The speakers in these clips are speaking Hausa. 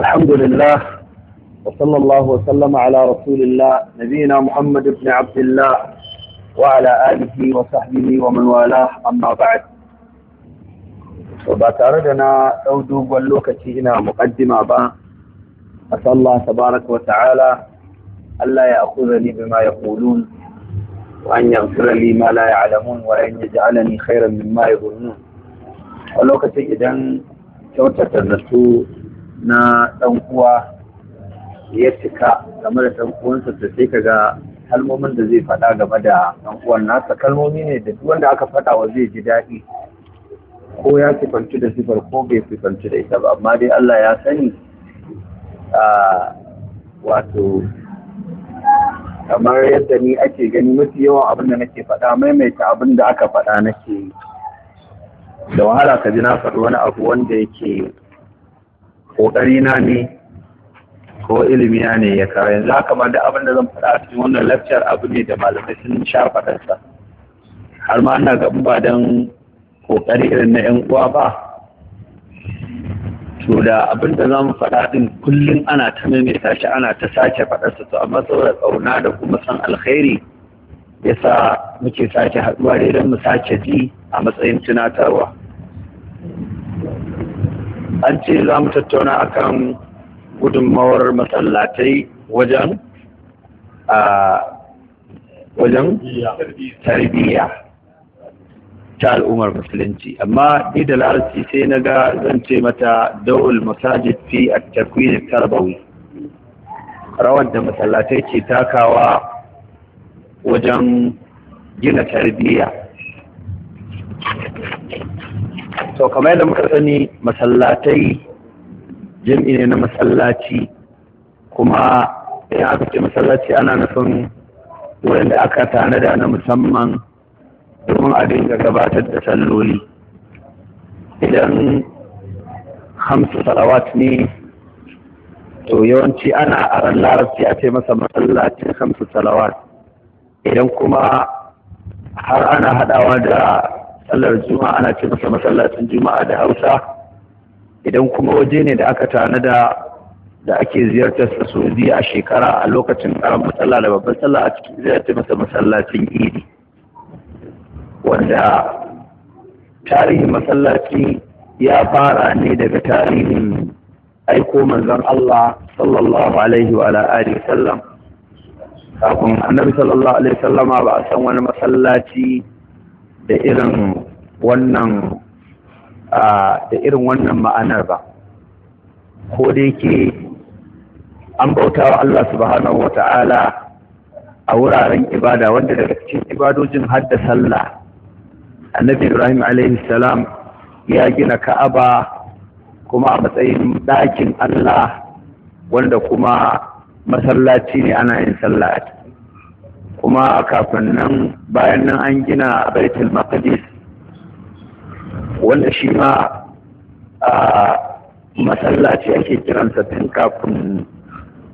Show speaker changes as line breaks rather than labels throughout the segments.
الحمد لله وصلى الله وسلم على رسول الله نبينا محمد بن عبد الله وعلى آله وصحبه ومن والاه أما بعد وباتاردنا دوب واللوكة هنا مقدمة با أسأل الله تبارك وتعالى ألا يأخذني بما يقولون وأن يغفر لي ما لا يعلمون وأن يجعلني خيرا مما يظنون ولوكة إذن كوتة الرسول na ɗan uwa ya cika game da ɗan uwansa ta sai ka ga kalmomin da zai faɗa game da ɗan uwan nasa kalmomi ne da duk wanda aka faɗa wa zai ji daɗi ko ya sifanci da sifar ko bai sifanci da ita ba amma dai Allah ya sani wato kamar yadda ni ake gani mafi yawan abin da nake faɗa maimaita abin da aka faɗa nake da wahala ka ji na faɗi wani abu wanda yake kokari na ne ko ilimi ne ya kawo yanzu haka ma da abin da zan faɗa a cikin wannan lecture abu ne da malamai sun sha faɗarsa har ma ana ga ba don kokari irin na yan uwa ba to da abin da zan faɗa din kullum ana ta maimaita shi ana ta sake faɗarsa to amma saboda ƙauna da kuma san alkhairi yasa muke sake haɗuwa da idan mu sake ji a matsayin tunatarwa an ce za mu tattauna akan gudunmawar masallatai wajen a wajen tarbiyya ta al'ummar musulunci amma ni da larabci sai na ga zan ce mata da'ul masajid fi a takwini tarbawi rawar da masallatai ke takawa wajen gina tarbiyya to kamar yadda muka sani masallatai jami'i ne na masallaci kuma in aka ce masallaci ana nufin wurin da aka tanada na musamman domin a dinga gabatar da salloli idan hamsu salawat ne to yawanci ana a ran larabci a ce masa masallacin hamsu salawat idan kuma har ana haɗawa da sallar juma'a ana ce masa masallacin juma'a da hausa idan kuma waje ne da aka tanada da ake ziyartar sa so a shekara a lokacin karan sallah da babban sallah a cikin ziyartar masa masallacin idi wanda tarihin masallaci ya fara ne daga tarihin aiko manzon Allah sallallahu alaihi wa alihi sallam kafin annabi sallallahu alaihi sallama ba a san wani masallaci da irin wannan da irin wannan ma'anar ba ko da yake an bauta wa Allah subhanahu wa ta'ala a wuraren ibada wanda daga cikin ibadojin hadda sallah annabi ibrahim alaihi salam ya gina ka'aba kuma a matsayin ɗakin Allah wanda kuma masallaci ne ana yin sallah kuma kafin nan bayan nan an gina baitul maqdis wanda shi ma a masallaci ake kiransa tun kafin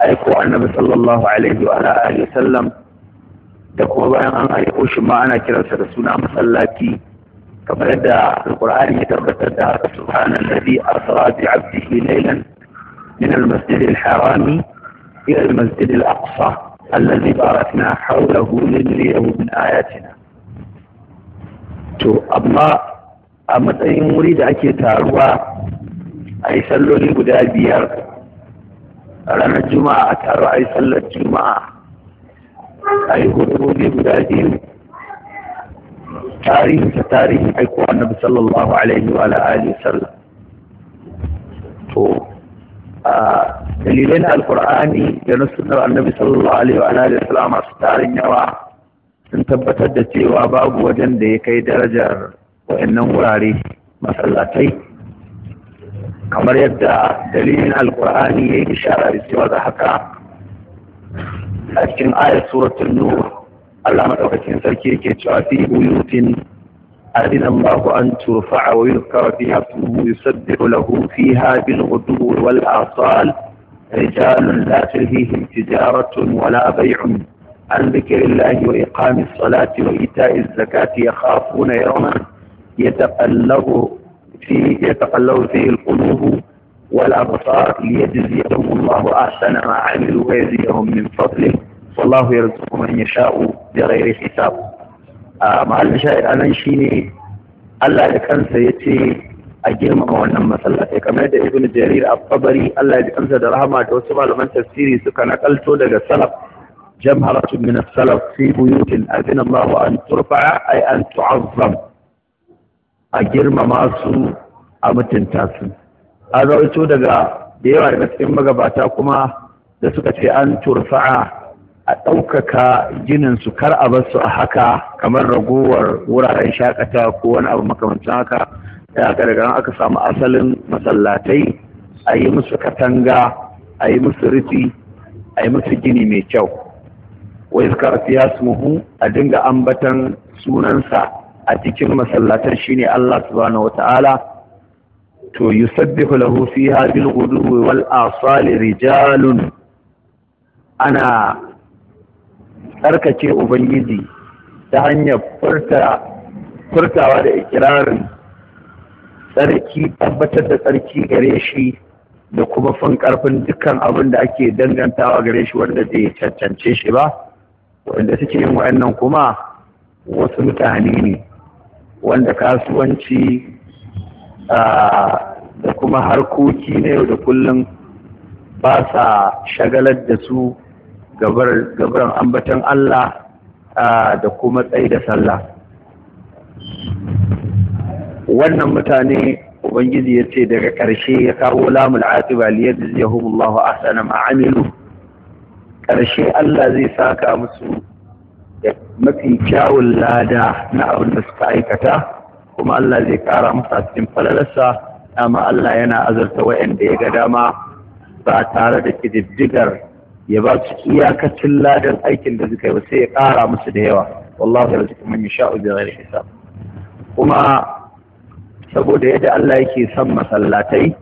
aiko annabi sallallahu alaihi wa alihi sallam da kuma bayan an aiko shi ma ana kiransa da suna masallaci kamar yadda alqur'ani ya tabbatar da haka subhanallazi asra bi 'abdihi laylan min al-masjid al-harami ila al-masjid al-aqsa الذي باركنا حوله لنريه من آياتنا to amma a matsayin wuri da ake taruwa a yi salloli guda biyar ranar juma'a a taru a yi sallar juma'a a yi hudu guda biyu Tarihin ta tarihin aiko annabi sallallahu alaihi wa alihi sallam to dalilai na alkur'ani da na sunar annabi sallallahu alaihi wa alihi wasallam masu tarin yawa sun tabbatar da cewa babu wajen da ya kai darajar wayannan wurare masallatai kamar yadda dalilin alkur'ani ya yi ishara da cewa da haka a cikin ayar suratul nur Allah madaukakin sarki yake cewa fi buyutin أذن الله أن ترفع ويذكر فيها اسمه يسبح له فيها بالغدو والآصال رجال لا تلهيهم تجارة ولا بيع عن ذكر الله وإقام الصلاة وإيتاء الزكاة يخافون يوما يتقلب فيه يتقلب فيه القلوب والأبصار ليجزيهم الله أحسن ما عملوا ويزيدهم من فضله والله يرزق من يشاء بغير حساب a mahallin sha'ir anan shi ne. Allah da kansa ya ce a girmama wannan masallaci kamar da ibn jarir a fabari Allah ya kansa da rahama da wasu malaman tafsiri suka nakalto daga salaf jamharatu min salaf fi buyutin azina Allah an turfa'a ay an tu'azzam a girmama su a mutunta su a rawaito daga da yawa daga cikin magabata kuma da suka ce an turfa'a a ɗaukaka ginin su kar a bar su a haka kamar ragowar wuraren shakata ko wani abu makamancin haka da aka aka samu asalin masallatai a yi musu katanga a yi musu rufi a yi musu gini mai kyau wai karfi ya muhu a dinga ambatan sunansa a cikin masallatar shine Allah subhanahu wata'ala to yusabbihu lahu fiha bil ghudwi wal asali rijalun ana tsarkake ubangiji ta hanyar furtawa da ikirarin tsarki tabbatar da tsarki gare shi da kuma fin karfin dukkan abin da ake dangantawa gare shi wanda zai cancance shi ba wanda suke yin wa'annan kuma wasu mutane ne wanda kasuwanci da kuma harkoki na yau da kullum ba sa shagalar da su gabaran ambatan Allah da kuma tsaye da sallah wannan mutane ubangiji ya ce daga ƙarshe ya kawo lamun atiba liyar yahumullahu ahsana ma'amilu ƙarshe Allah zai saka musu da mafi kyawun lada na abin da suka aikata kuma Allah zai kara musu a cikin falalarsa dama Allah yana azarta wa'anda ya ga dama ba tare da ƙididdigar ya ba su iyakacin ladan aikin da suka yi ba sai ya ƙara musu da yawa wallahu ya zuka man yasha'u bi ghairi hisab kuma saboda yadda Allah yake son masallatai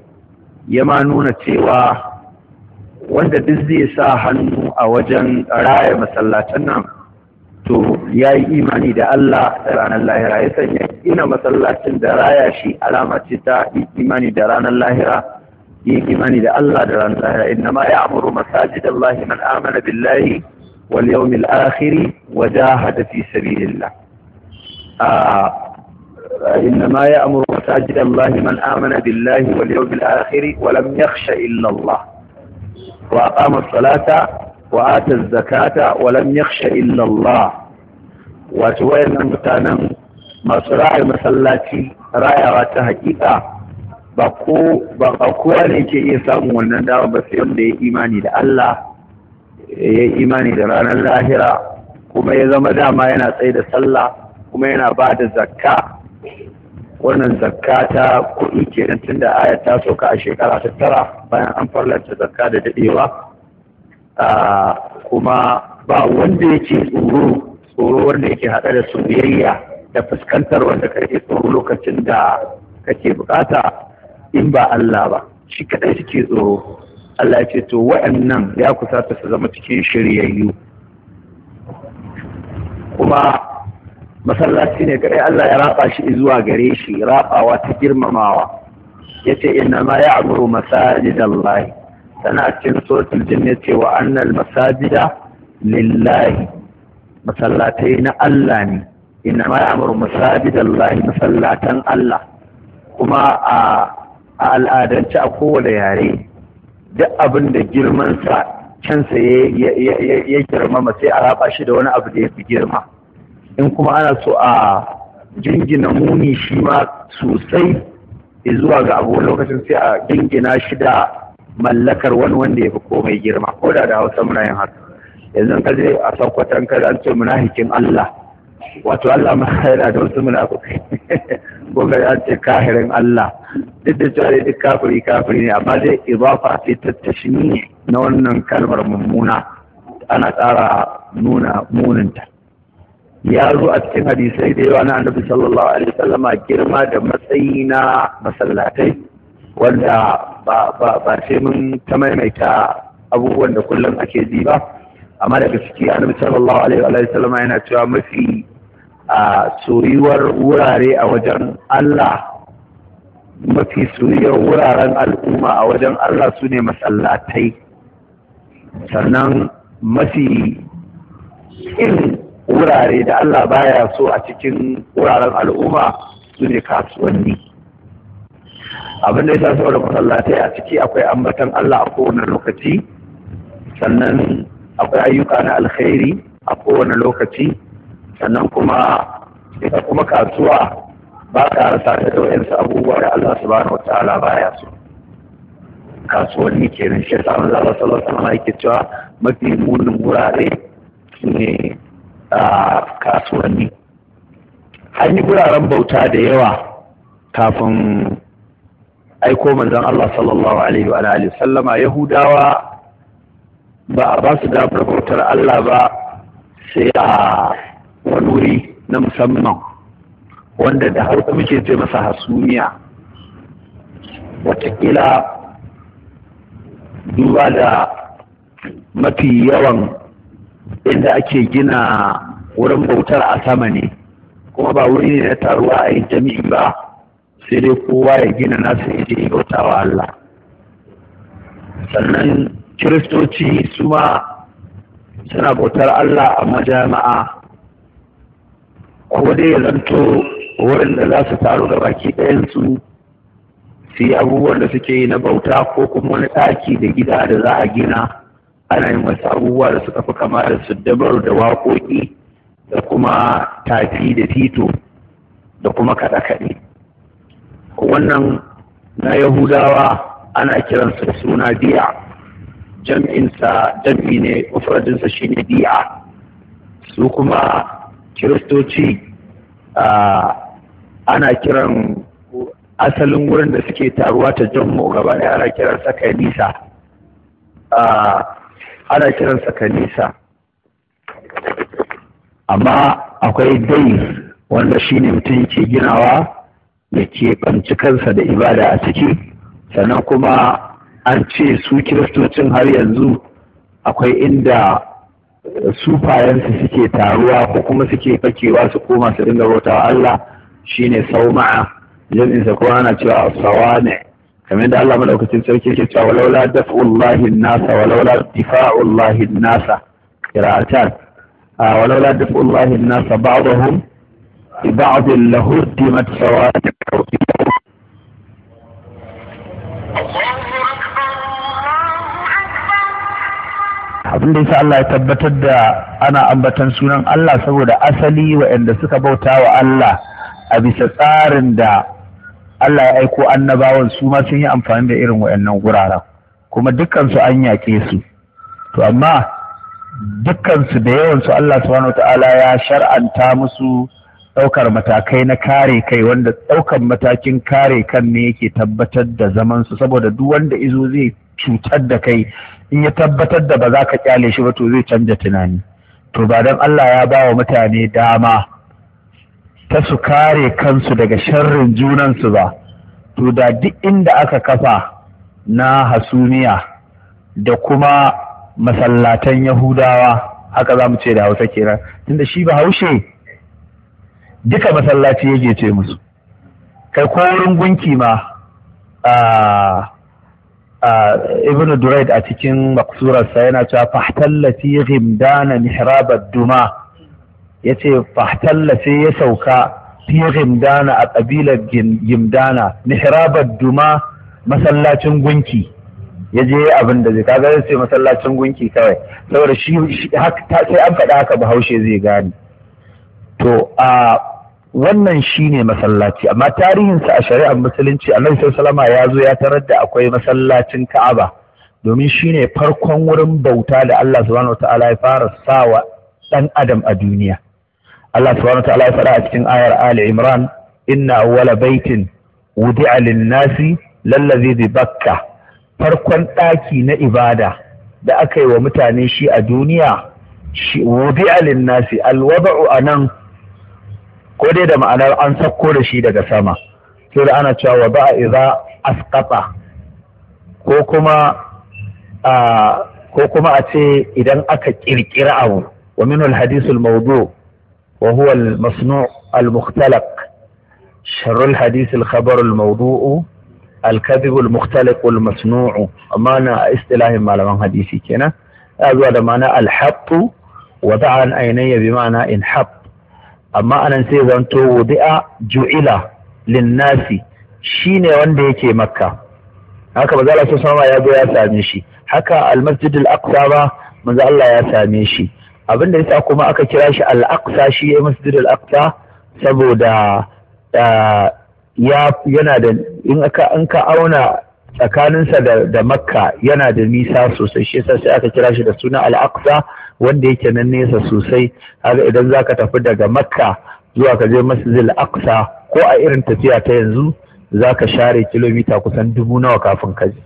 ya ma nuna cewa wanda duk zai sa hannu a wajen raya masallatan nan to ya yi imani da Allah da ranar lahira ya sanya ina masallacin da raya shi alama ce ta imani da ranar lahira إيمان إلى الله إنما يعمر مساجد الله من آمن بالله واليوم الآخر وجاهد في سبيل الله آه إنما يأمر مساجد الله من آمن بالله واليوم الآخر ولم يخش إلا الله وأقام الصلاة وآتى الزكاة ولم يخش إلا الله وتوين المتانم مصراع المسلاتي رأي غتها إذا ba kowa ne ke iya samun wannan dama ba sai wanda ya imani da Allah ya imani da ranar lahira kuma ya zama dama yana tsaye da sallah kuma yana ba da zakka wannan zakka ta kuɗi kenan tun da aya ta sauka a shekara ta tara bayan an farlanta zakka da daɗewa kuma ba wanda yake tsoro tsoro wanda yake haɗa da soyayya da fuskantar wanda kake tsoro lokacin da kake bukata in ba Allah ba shi kaɗai suke tsoro Allah ce to wa'annan ya kusata su zama cikin shiryayyu kuma masallaci ne kaɗai Allah ya raba shi zuwa gare shi rabawa ta girmamawa yace inna ma ya'muru masajid Allah sana cikin suratul jinni ce wa annal masajida lillahi masallatai na Allah ne inna ma ya'muru masajid Allah masallatan Allah kuma a a al'adance a kowane yare duk abin da girmansa cansa ya girmama sai a raba shi da wani abu da ya fi girma in kuma ana so a jingina muni shi ma sosai zuwa ga abu lokacin sai a jingina shi da mallakar wani wanda ya fi komai girma ko da da hausa muna yin haka yanzu ka je a sakwatan ka da ce hikin Allah wato Allah ma yana da wasu muna ko ga ya ce kahirin Allah duk da cewa duk kafiri kafiri ne amma dai idafa ce ta ne, na wannan kalmar mummuna ana tsara nuna muninta ya zo a cikin hadisai da yawa na annabi sallallahu alaihi wasallam girma da matsayi na masallatai wanda ba ba ce mun ta maimaita abubuwan da kullum ake ji ba amma daga ciki annabi sallallahu alaihi wasallam yana cewa mafi a soyuwar wurare a wajen Allah mafi soyayyar wuraren al'umma a wajen Allah su ne masallatai sannan mafi in wurare da Allah baya so a cikin wuraren al'umma su ne kasuwanni abin da ya saboda masallatai a ciki akwai ambatan Allah a kowane lokaci sannan akwai ayyuka na alkhairi a kowane lokaci sannan kuma ita kuma kasuwa ba ka rasa da da su abubuwa da Allah subhanahu wa ta'ala baya so kasuwanni kenan shi yasa manzo Allah sallallahu alaihi wasallam yake cewa mafi munin wurare ne a kasuwanni an yi wuraren bauta da yawa kafin aiko manzon Allah sallallahu alaihi wa alihi sallama yahudawa ba a ba su damar bautar Allah ba sai a wani wuri na musamman wanda da hausa muke ce masa hasumiya watakila duba da mafi yawan inda ake gina wurin bautar a sama ne kuma ba wuri ne na taruwa a yi jami'i ba sai dai kowa ya gina nasu ya je bautawa Allah sannan kiristoci su ma suna bautar Allah a majama'a ko dai ya zanto waɗanda za su taru da baki ɗayan su su yi abubuwan da suke yi na bauta ko kuma wani ɗaki da gida da za a gina ana yin wasu abubuwa da suka fi kama da su dabar da waƙoƙi da kuma tafi da tito da kuma kaɗe-kaɗe wannan na yahudawa ana kiransa da suna biya jam'insa jam'i ne shi ne biya su kuma kiristoci ah, ana kiran asalin wurin da suke taruwa ta jammo gaba ne, ana kiransa kanisa ana kiransa kanisa amma akwai dai wanda shi ne mutum ke ginawa ya keɓanci kansa da ibada a ciki sannan kuma an ce su kiristocin har yanzu akwai inda sufayensu suke taruwa ko kuma suke fakewa su koma su dinga bautawa Allah Shi ne sauma'a jam'in sa ko ana cewa ne. kamar da Allah madaukakin sarki yake cewa walaula daf'ullahi nasa walaula difa'ullahi nasa qira'atan ah, walaula daf'ullahi nasa ba'dahum bi ba'd lahuddimat sawati abin da yasa Allah ya tabbatar da ana ambatan sunan Allah saboda asali wa'anda suka bauta wa Allah a bisa tsarin da Allah ya aiko annabawan su ma sun yi amfani da irin waɗannan wuraren, kuma dukkansu an yaƙe su to amma dukkansu da yawansu Allah subhanahu ta'ala ya shar'anta musu ɗaukar matakai na kare kai wanda ɗaukar matakin kare kan ne yake tabbatar da zamansu saboda duk wanda izo zai cutar da kai in ya tabbatar da ba za ka kyale shi ba to zai canja tunani to ba don Allah ya ba wa mutane dama ta su kare kansu daga sharrin junansu ba to da duk inda aka kafa na hasumiya da kuma masallatan yahudawa haka za mu ce da hausa kenan tunda shi ba haushe duka masallaci yake ce musu kai ko wurin gunki ma ibn duraid a cikin maksurarsa yana cewa fahtallati ghimdana mihrabad duma ya ce fahtalla sai ya sauka fi gimdana a ƙabilar gimdana mihrabar duma masallacin gunki ya je abin da zai kaga zai ce masallacin gunki kawai saboda shi sai an faɗa haka bahaushe zai gane to a wannan shine masallaci amma tarihinsa a shari'ar musulunci annabi salama ya zo ya tarar da akwai masallacin ka'aba domin shine farkon wurin bauta da Allah subhanahu wataala ya fara sawa ɗan adam a duniya Allah subhanahu wa ta'ala ya faɗa a cikin ayar Ali Imran inna awwala baitin wudi'a lin-nasi lallazi bi Bakka farkon ɗaki na ibada da aka yi wa mutane shi a duniya wudi'a lin-nasi alwada'u anan ko dai da ma'anar an sakko da shi daga sama to da ana cewa wa ba'a idza asqata ko kuma a ko kuma a ce idan aka kirkira abu wa minul hadisul mawdu' وهو المصنوع المختلق شر الحديث الخبر الموضوع الكذب المختلق المصنوع معنى اصطلاح ما لم حديثي كنا هذا معنى الحط وضع عيني بمعنى انحط اما انا سيد ان توضع جعل للناس شيني وندي كي مكة هكا مزال الله يا سامي شي هكا المسجد الاقصى ما مزال الله يا سامي شي abin da yasa kuma aka kira shi al-aqsa shi ya masjid al-aqsa saboda eh, ya yana da in aka an ka auna tsakaninsa da, da makka yana da nisa sosai shi yasa sai aka kira shi da suna al-aqsa wanda yake nan nesa sosai haka idan zaka tafi daga makka zuwa ka je masjid al-aqsa ko a irin tafiya ta yanzu zaka share kilomita kusan dubu nawa kafin ka je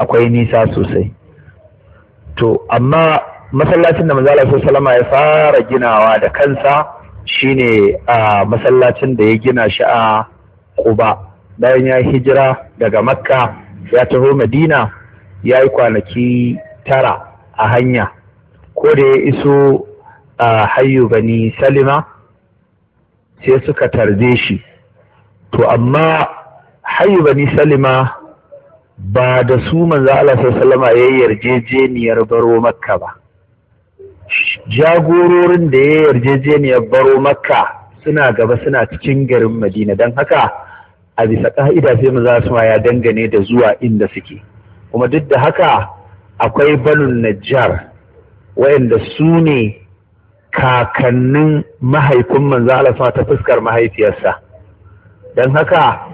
akwai nisa sosai to amma masallacin da manzala su salama ya fara ginawa da kansa shine a masallacin da ya gina shi a Quba bayan ya hijira daga Makka ya taho Madina ya yi kwanaki tara a hanya ko da ya iso a hayyu bani Salima sai suka tarze shi to amma hayyu bani Salima ba da su manzo Allah sallallahu yarjejeniyar baro Makka ba jagororin da ya yarjejeniyar baro makka suna gaba suna cikin garin madina don haka a bisa ka'ida sai mu za su ya dangane da zuwa inda suke kuma duk da haka akwai banun najjar wayanda su ne kakannin mahaifin manzo Allah ta fuskar mahaifiyarsa don haka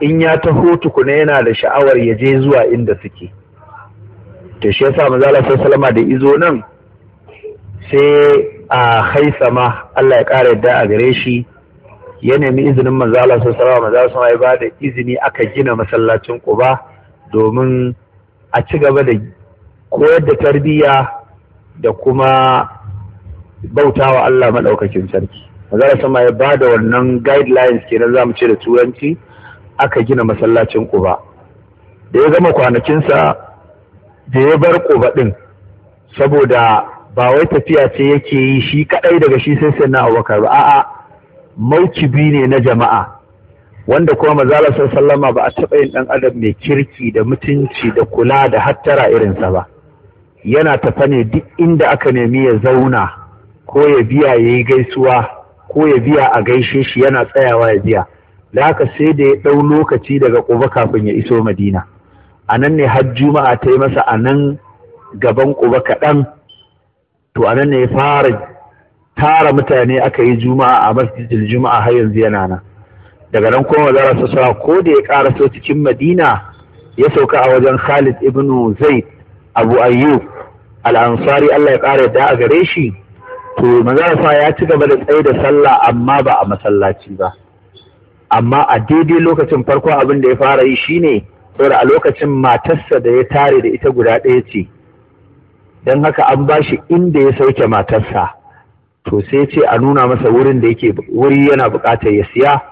in ya taho tukuna yana da sha'awar ya je zuwa inda suke to shi yasa manzo Allah salama da izo nan sai a haisama Allah ya kare yadda a gare shi ya nemi izinin manzo Allah sallallahu alaihi sai ya bada izini aka gina masallacin Quba domin a ci gaba da koyar da tarbiyya da kuma bautawa Allah maɗaukakin sarki manzo sama ya da wannan guidelines kenan zamu ce da turanci aka gina masallacin Quba da ya gama kwanakinsa da ya bar Quba ɗin saboda ba wai tafiya ce yake yi shi kaɗai daga shi sai sai na Abubakar ba a'a maukibi ne na jama'a wanda kuma mazala sallama ba a taɓa yin ɗan adam mai kirki da mutunci da kula da hattara irinsa ba yana tafa ne duk inda aka nemi ya zauna ko ya biya ya yi gaisuwa ko ya biya a gaishe shi yana tsayawa ya biya da haka sai da ya ɗau lokaci daga ƙoba kafin ya iso madina a nan ne har juma'a ta yi masa a nan gaban ƙuba kaɗan to a nan ne ya fara tara mutane aka yi juma'a a masjidil juma'a har yanzu yana nan daga nan kuma za su sa ko da ya ƙara so cikin madina ya sauka a wajen khalid ibn zaid abu ayyub al allah ya ƙara yadda a gare shi to manzara ya ci gaba da tsaye da sallah amma ba a masallaci ba amma a daidai lokacin farko abin da ya fara yi shine saboda a lokacin matarsa da ya tare da ita guda ɗaya ce don haka an ba shi inda ya sauke matarsa to sai ce a nuna masa wurin da yake wuri yana buƙatar ya siya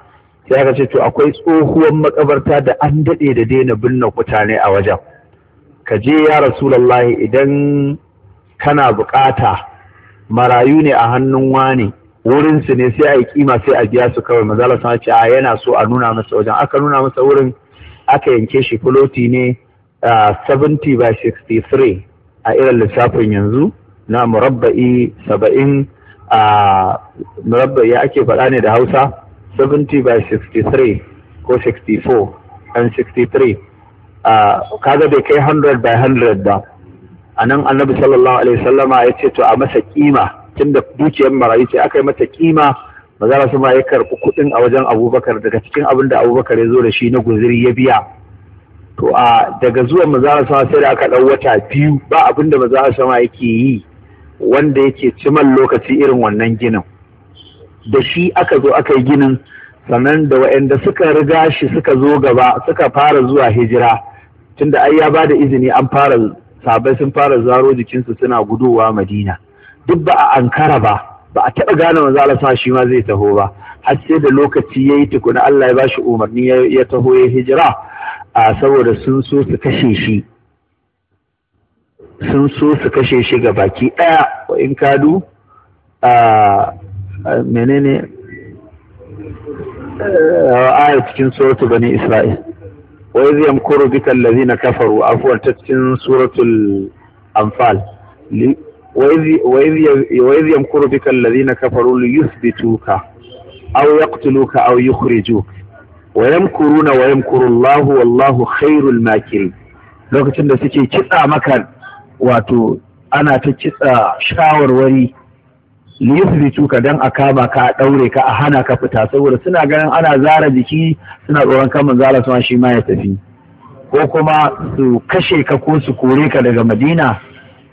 sai aka ce to akwai tsohuwan makabarta da an daɗe da daina binne mutane a wajen ka je ya rasulallahi idan kana buƙata marayu ne a hannun wani wurinsu ne sai a yi kima sai a biya su kawai maza a yana so a nuna masa wajen aka nuna masa wurin aka yanke shi fuloti ne a 70 by 63 a irin lissafin yanzu na murabba'i 70 a murabba'i ake faɗa ne da hausa 70 by 63 ko 64 and 63 kaga bai kai 100 by 100 ba a nan annabi sallallahu alaihi sallama ya ce to a masa kima tun da dukiyar marayu ce aka yi masa kima za su ma ya karɓi kuɗin a wajen abubakar daga cikin abin da abubakar ya zo da shi na guziri ya biya to a daga zuwan maza su sai da aka ɗau wata biyu ba abin da maza su yake yi wanda yake ciman lokaci irin wannan ginin da shi aka zo aka yi ginin sannan da waɗanda suka riga shi suka zo gaba suka fara zuwa hijira tunda ai ya ba da izini an fara sabai sun fara zaro jikinsu suna gudowa madina duk ba a ankara ba ba a taɓa gane manzo Allah sa shi ma zai taho ba har sai da lokaci yayi tukuna Allah ya bashi umarni ya taho ya hijira a saboda sun so su kashe shi sun so su kashe shi ga baki ɗaya wa in kadu a menene aya cikin suratu bani isra'il wa idh yamkuru bika allazina kafaru afwan ta cikin suratul Amfal? wa iz yamkuru bika alladhina kafaru au yuthbituka aw yaqtuluka aw yukhrijuka wa yamkuruna wa wallahu khairul makirin lokacin da suke kitsa maka wato ana ta kitsa shawarwari liyusbitu ka dan a kama ka a daure ka a hana ka fita saboda suna ganin ana zara jiki suna tsoron kama zara suna shi ma ya tafi ko kuma su kashe ka ko su kore ka daga madina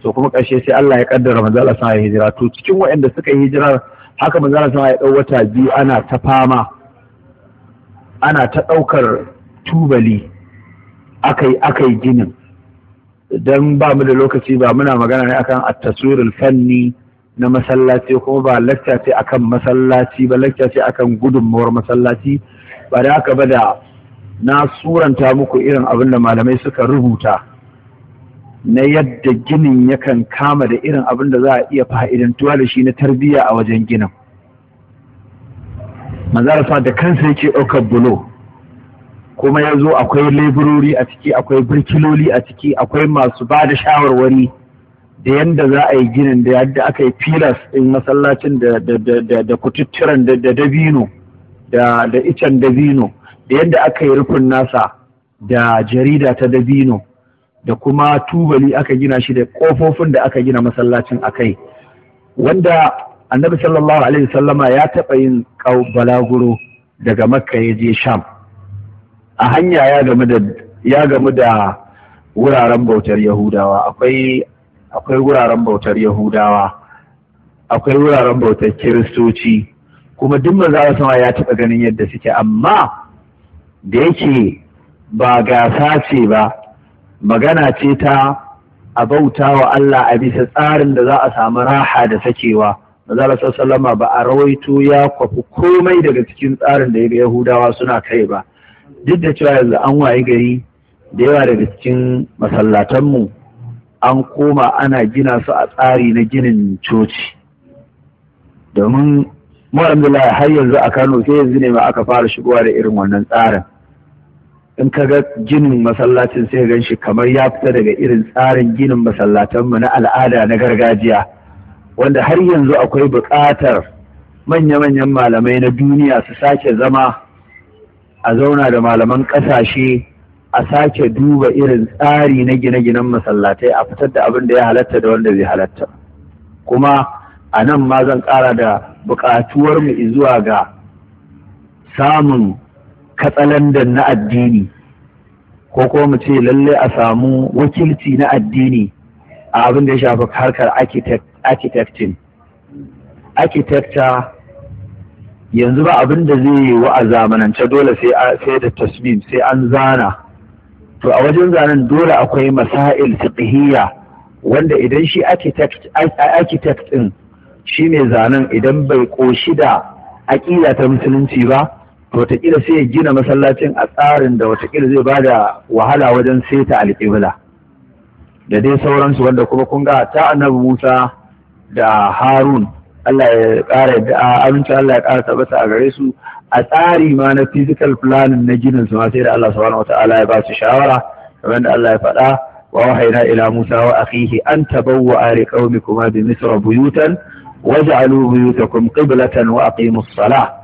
to kuma ƙarshe sai Allah ya kaddara manzo Allah sa ya hijira to cikin waɗanda suka yi hijirar haka manzo Allah sa ya dau wata biyu ana ta fama ana ta ɗaukar tubali akai akai ginin dan ba mu da lokaci ba muna magana ne akan at-taswirul fanni na masallaci kuma ba lakta ce akan masallaci ba lakta ce akan gudunmuwar masallaci ba da haka ba da na suranta muku irin abin da malamai suka rubuta na yadda ginin yakan kama da irin abin da za a iya fa'idantuwa da shi na tarbiyya a wajen ginin Mazarafa da kansa yake ɗaukar bulo kuma ya zo akwai leburori a ciki akwai birkiloli a ciki akwai masu ba da shawarwari da yadda za a yi ginin da yadda aka yi filas ɗin masallacin da kututturan da dabino da icen dabino da yadda aka yi rufin nasa da jarida ta dabino da kuma tubali aka gina shi da ƙofofin da aka gina masallacin a kai wanda annabi sallallahu alaihi wasallama ya taɓa yin balaguro daga makka ya je sham a hanya ya gamu da ya gamu wuraren bautar yahudawa akwai akwai wuraren bautar yahudawa akwai wuraren bautar kiristoci kuma duk manzo sama ya taɓa ganin yadda suke amma da yake ba gasa ce ba magana ce ta a bauta wa Allah a bisa tsarin da za a samu raha da sakewa manzala sallama ba a rawaito ya kwafi komai daga cikin tsarin da ya yahudawa suna kai ba duk da cewa yanzu an waye gari da yawa daga cikin masallatanmu an koma ana gina su a tsari na ginin coci domin mu alhamdulillah har yanzu a Kano sai yanzu ne ma aka fara shigowa da irin wannan tsarin in ka ga ginin masallacin sai gan shi kamar ya fita daga irin tsarin ginin masallatanmu na al'ada na gargajiya wanda har yanzu akwai buƙatar manya-manyan malamai na duniya su sake zama a zauna da malaman ƙasashe a sake duba irin tsari na gine-ginen masallatai a fitar da abin da ya halatta da wanda zai halatta kuma a nan ma zan ƙara da buƙatuwar mu zuwa ga samun katsalandan na addini ko ko mu ce lalle a samu wakilci na addini a abin da ya shafi harkar architecting akitekta yanzu ba abin da zai yi wa a zamanance dole sai da tasmim sai an zana to a wajen zanen dole akwai masail fiqhiyya wanda idan shi architect din shi ne zanen idan bai koshi da aƙida ta musulunci ba to wataƙila sai ya gina masallacin a tsarin da wataƙila zai bada wahala wajen seta alƙibla da dai sauransu wanda kuma kun ga ta annabi Musa da Harun Allah ya ƙara aminci Allah ya ƙara tabbata a gare su a tsari ma na physical planning na ginin su sai da Allah subhanahu wataala ya ba su shawara kamar da Allah ya faɗa wa wahaina ila Musa wa akhihi an tabawwa ari qaumikum bi misra buyutan waj'alu buyutakum qiblatan wa aqimus salah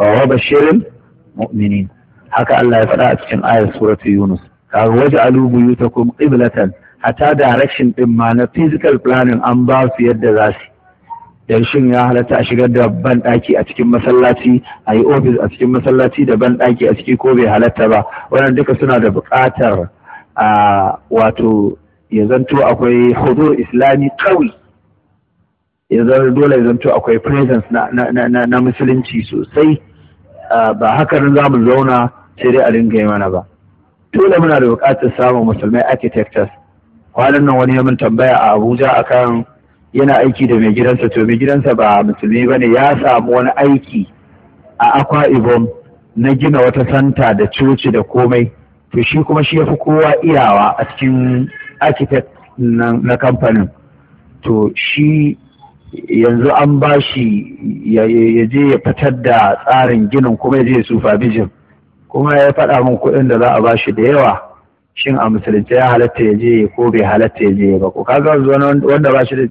wa shirin? mu'minin haka Allah ya faɗa a cikin ayar suratu Yunus kaga waj'alu buyutakum qiblatan hatta direction ɗin ma na physical planning an ba su yadda za su dan shin ya halatta a shigar da banɗaki a cikin masallaci a yi ofis a cikin masallaci da banɗaki a ciki ko bai halatta ba wannan duka suna da buƙatar a wato ya zanto akwai hudu islami kawai ya dole ya zanto akwai presence na musulunci sosai ba haka nan za mu zauna sai dai a dinga yi mana ba dole muna da buƙatar samun musulmai architectures kwanan nan wani ya mun tambaya a abuja akan yana aiki da mai gidansa to mai gidansa ba musulmi bane ya samu wani aiki a akwa ibom na gina wata santa da coci da komai to shi kuma shi ya fi kowa iyawa a cikin architect na kamfanin to shi yanzu an ba shi ya je ya fitar da tsarin ginin kuma ya je ya sufa bijin kuma ya faɗa min kuɗin da za a ba shi da yawa shin a musulunci ya halatta ya je ko bai halatta ya je ba ko kaga wanda ba shi da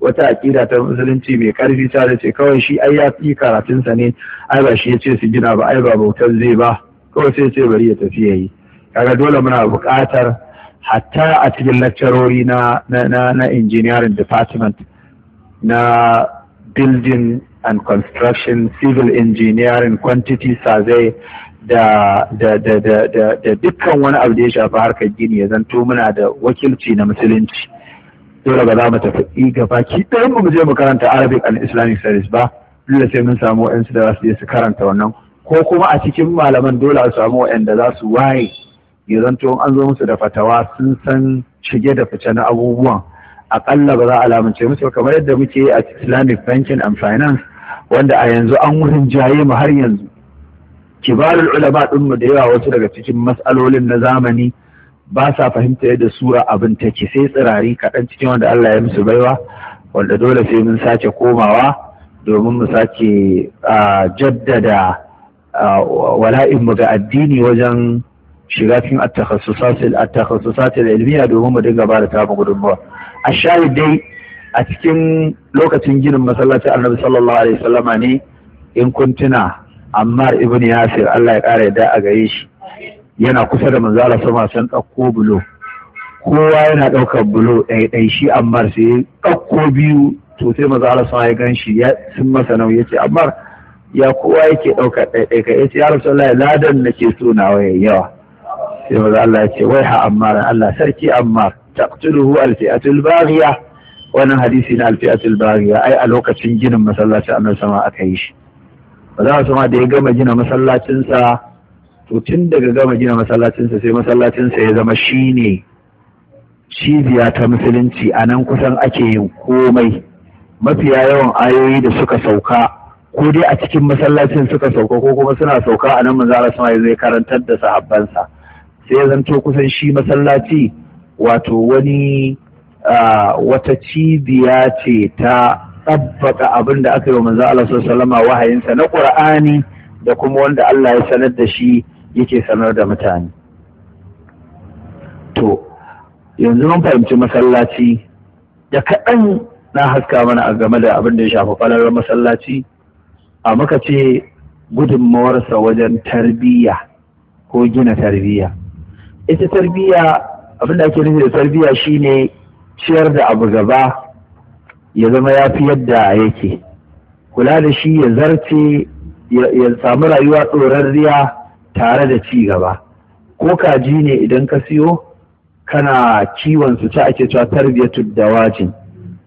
wata aƙida ta musulunci mai ƙarfi ta da ce kawai shi ai ya fi karatunsa ne ai ba shi ya ce su gina ba ai ba bautar zai ba kawai sai ce bari ya tafi ya yi kaga dole muna buƙatar hatta a cikin lakcarori na na na engineering department na building and construction civil engineering quantity survey da da da da da, da dukkan wani abu da ya shafi harkar gini ya zanto muna da wakilci na musulunci dole ba za mu tafi gaba ki ɗayan mu je mu karanta arabic and islamic studies ba dole sai mun samu waansu da za su je su karanta wannan ko kuma a cikin malaman dole a samu wa'anda za su waye ya zanto an zo musu da fatawa sun san shige da fice na abubuwan aƙalla ba za a lamunce musu kamar yadda muke a islamic banking and finance wanda a yanzu an wurin jaye mu har yanzu kibarul ulama ɗinmu da yawa wasu daga cikin matsalolin na zamani ba sa fahimta yadda sura abin take sai tsirari kaɗan cikin wanda Allah ya musu baiwa wanda dole sai mun sake komawa domin mu sace jaddada wala'in mu ga addini wajen shiga cikin at-takhassusatil ilmiya domin mu dinga ba da tamu gudunmawa a dai a cikin lokacin ginin masallacin annabi sallallahu alaihi wasallama ne in kuntuna ammar ibn yasir Allah ya ƙara yadda a gare shi yana kusa da manzala sama san ɗauko bulo kowa yana ɗaukar bulo ɗaya eh, eh, shi ammar sai ɗauko biyu to sai manzala sama ya gan shi ya sun masa nau yace ammar ya kowa yake ɗaukar ɗaya-ɗaya. ka ya ce ya rasulullahi Allah ladan nake so nawa yawa sai manzala ya ce wai ha ammar Allah sarki ammar taqtuluhu al-fi'atul wannan hadisi na al-fi'atul baghiya ai a lokacin ginin masallacin annabi sama aka yi shi ba za sama da ya gama gina masallacinsa to tun daga gama gina masallacinsa sai masallacinsa ya zama shine cibiya ta musulunci a nan kusan ake yin komai mafiya yawan ayoyi da suka sauka ko dai a cikin masallacin suka sauka ko kuma suna sauka a nan manzo Allah sama ya zai karantar da sahabbansa sai ya zanto kusan shi masallaci wato wani wata cibiya ce ta tsabbata abin da aka yi wa manzo Allah sallama wahayinsa na Qur'ani da kuma wanda Allah ya sanar da shi yake sanar da mutane to yanzu mun fahimci masallaci da kaɗan na haska mana a game da abin da ya shafi falalar masallaci a muka ce gudunmawarsa wajen tarbiyya ko gina tarbiyya ita tarbiyya abin da ake nufi da tarbiyya shine ciyar da abu gaba ya zama ya fi yadda yake kula da shi ya zarce ya samu rayuwa ɗorarriya tare da ci gaba ko kaji ne idan ka siyo kana kiwon su ta ake cewa tarbiyatu wajin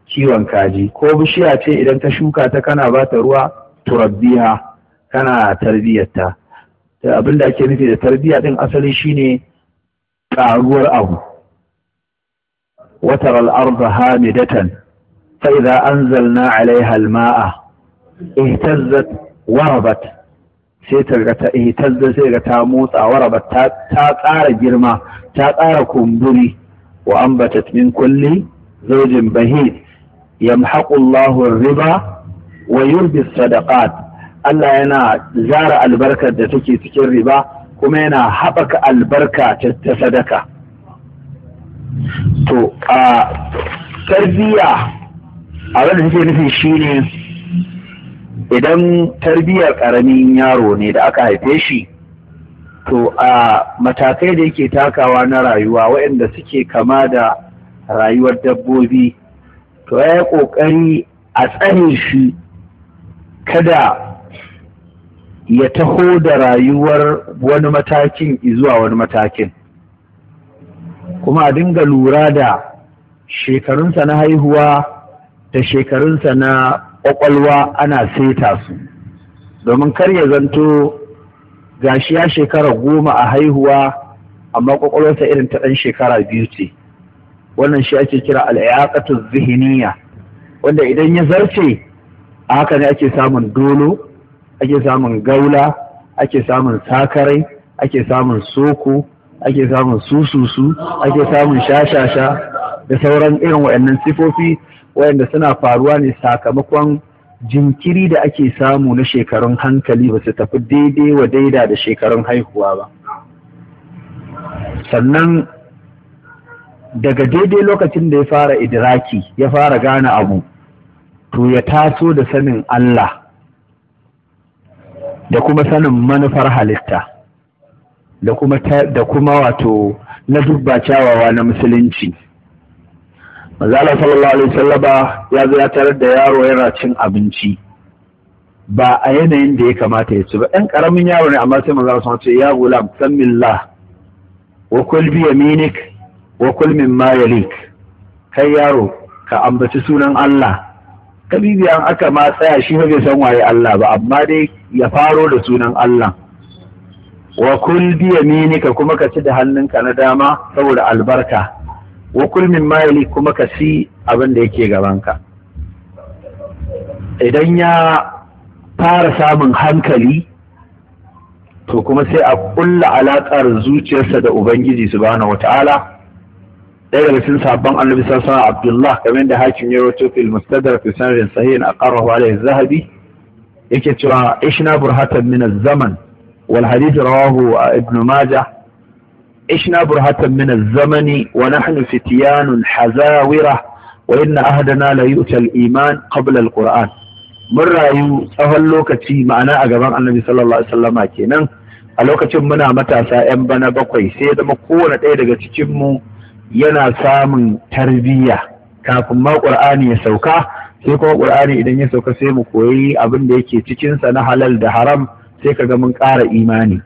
kiwon kaji ko bishiya ce idan ka shuka ta kana ba ta ruwa turabbiya kana tarbiyyarta abin da ake nufi da tarbiyya din asali shine ƙaruwar abu watar al'arba hamidatan fa'iza an zalna alaiha alma'a ihtazzat warabat sai ta ga ta ihtazzat sai ga ta motsa warabat ta ƙara girma ta ƙara kumburi wa ambatat min kulli zaujin bahid yamhaqu Allahu riba wa yurbi sadaqat Allah yana zara albarkar da take cikin riba kuma yana haɓaka albarka ta sadaka to a tarbiyya abin da take shi ne, idan tarbiyyar ƙaramin yaro ne da aka haife shi to a matakai da yake takawa na rayuwa waɗanda suke kama da rayuwar dabbobi to ya yi ƙoƙari a tsare shi kada ya taho da rayuwar wani matakin zuwa wani matakin kuma a dinga lura da shekarunsa na haihuwa da shekarunsa na ƙwaƙwalwa ana saita su domin kar ya zanto gashi ya shekara goma a haihuwa amma ƙwaƙwalwarsa irin ta ɗan shekara biyu ce wannan shi ake kira al'iyaƙatu zihiniya wanda idan ya zarce a haka ne ake samun dolo ake samun gaula ake samun sakarai ake samun soko ake samun sususu ake samun shashasha da sauran irin waɗannan sifofi waɗanda suna faruwa ne sakamakon jinkiri da ake samu na shekarun hankali ba su tafi daidai wa daida da shekarun haihuwa ba sannan daga daidai lokacin da ya fara idiraki ya fara gane abu to ya taso da sanin Allah da kuma sanin manufar halitta da kuma da kuma wato na dubba kyawawa na musulunci Mazala sallallahu alaihi wasallama ya zo ya tarar da yaro yana cin abinci ba a yanayin da ya kamata ya ci ba ɗan ƙaramin yaro ne amma sai mazala sun ce ya gulam sammillah wa kul bi yaminik wa kul mimma yalik kai yaro ka ambaci sunan Allah an aka ma tsaya shi ba bai san waye Allah ba amma dai ya faro da sunan Allah wa kul bi yaminika kuma ka ci da hannunka na dama saboda albarka wa kul min mayli kuma ka ci abin da yake gabanka idan ya fara samun hankali to kuma sai a kulla alaƙar zuciyarsa da ubangiji subhanahu wataala ɗaya daga cikin sabon annabi sallallahu alaihi Abdullah kamar da hakim ya rawaito fil mustadrak fi sanadin sahihin aqarrahu alaihi zahabi yake cewa ishna burhatan min az-zaman wal hadith rawahu ibn majah ishna burhatan min az-zamani wa nahnu fityanun hazawira wa inna ahadana la yu'ta al-iman qabla al-qur'an mun rayu tsawon lokaci ma'ana a gaban annabi sallallahu alaihi wasallama kenan a lokacin muna matasa 'yan bana bakwai sai ya zama kowane ɗaya daga cikinmu yana samun tarbiyya kafin ma ƙur'ani ya sauka sai kuma ƙur'ani idan ya sauka sai mu koyi abin da yake cikinsa na halal da haram sai ka ga mun ƙara imani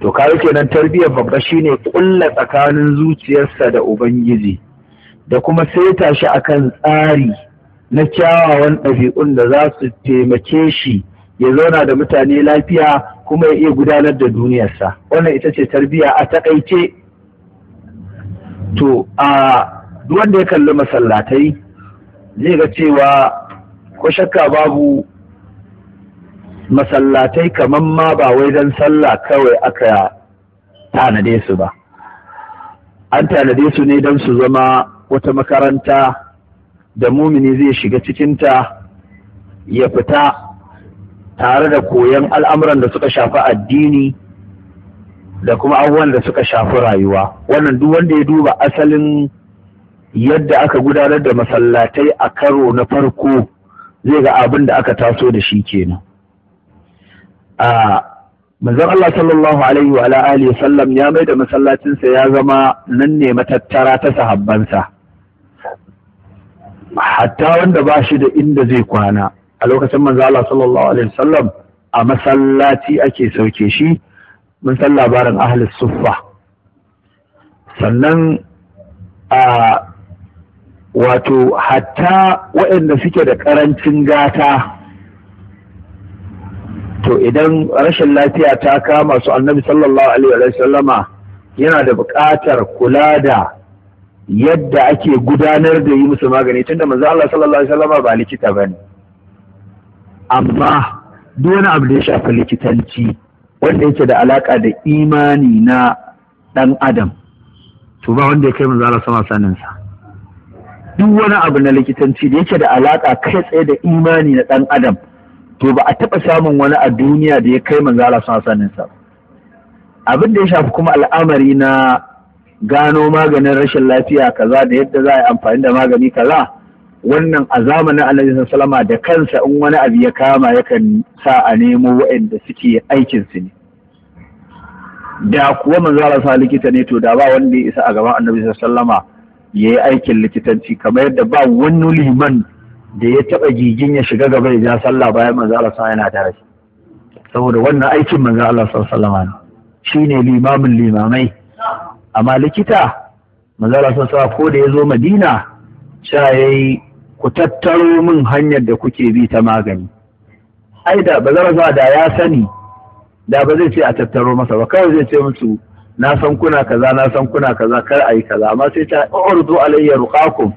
to kawo kenan tarbiyyar babba shine ƙulla tsakanin zuciyarsa da ubangiji da kuma sai saita shi kan tsari na kyawawan ɗabi'un da za su taimake shi ya zauna da mutane lafiya kuma ya iya gudanar da duniyarsa wannan ita ce tarbiyya a taƙaice to a wanda ya kalli masallatai zai ga cewa ko shakka babu masallatai kamar ma ba wai don sallah kawai aka tanade su ba an tanade su ne don su zama wata makaranta da mumini zai shiga cikinta ya fita tare da koyon al'amuran da suka shafi addini da kuma abubuwan da suka shafi rayuwa wannan duk wanda ya duba asalin yadda aka gudanar da masallatai a karo na farko zai ga abin da aka taso da shi kenan a manzon Allah sallallahu alaihi wa alihi sallam ya mai da masallacinsa ya zama nan ne matattara ta sahabbansa hatta wanda ba shi da inda zai kwana a lokacin manzon Allah sallallahu alaihi sallam a masallaci ake sauke shi mun san labarin ahlus suffa sannan a wato hatta waɗanda suke da ƙarancin gata to idan rashin lafiya ta kama su annabi sallallahu alaihi wa sallama yana da buƙatar kula da yadda ake gudanar da yi musu magani tunda manzo Allah sallallahu alaihi sallama ba likita bane amma duk wani abu da ya shafi likitanci wanda yake da alaka da imani na ɗan adam to ba wanda ya kai manzo Allah sama duk wani abu na likitanci da yake da alaka kai tsaye da imani na ɗan adam to ba a taɓa samun wani a duniya da ya kai manzo Allah sama abin da ya shafi kuma al'amari na gano maganin rashin lafiya kaza da yadda za a yi amfani da magani kaza wannan a zamanin annabi sallama da kansa in wani abu ya kama yakan sa a nemo waɗanda suke aikin su ne da kuwa manzara sa likita ne to da ba wanda ya isa a gaban annabi sallama ya yi aikin likitanci kamar yadda ba wani liman da ya taɓa gigin ya shiga gaba ya ja sallah bayan manzara sa yana tare saboda wannan aikin manzara Allah sallama ne shine limamin limamai amma likita manzara ko da ya zo Madina sha yayi ku tattaro min hanyar da kuke bi ta magani ai da ba zarafa da ya sani da ba zai ce a tattaro masa ba kawai zai ce musu na san kuna kaza na san kuna kaza kar a yi kaza amma sai ta urdu alayya ruqakum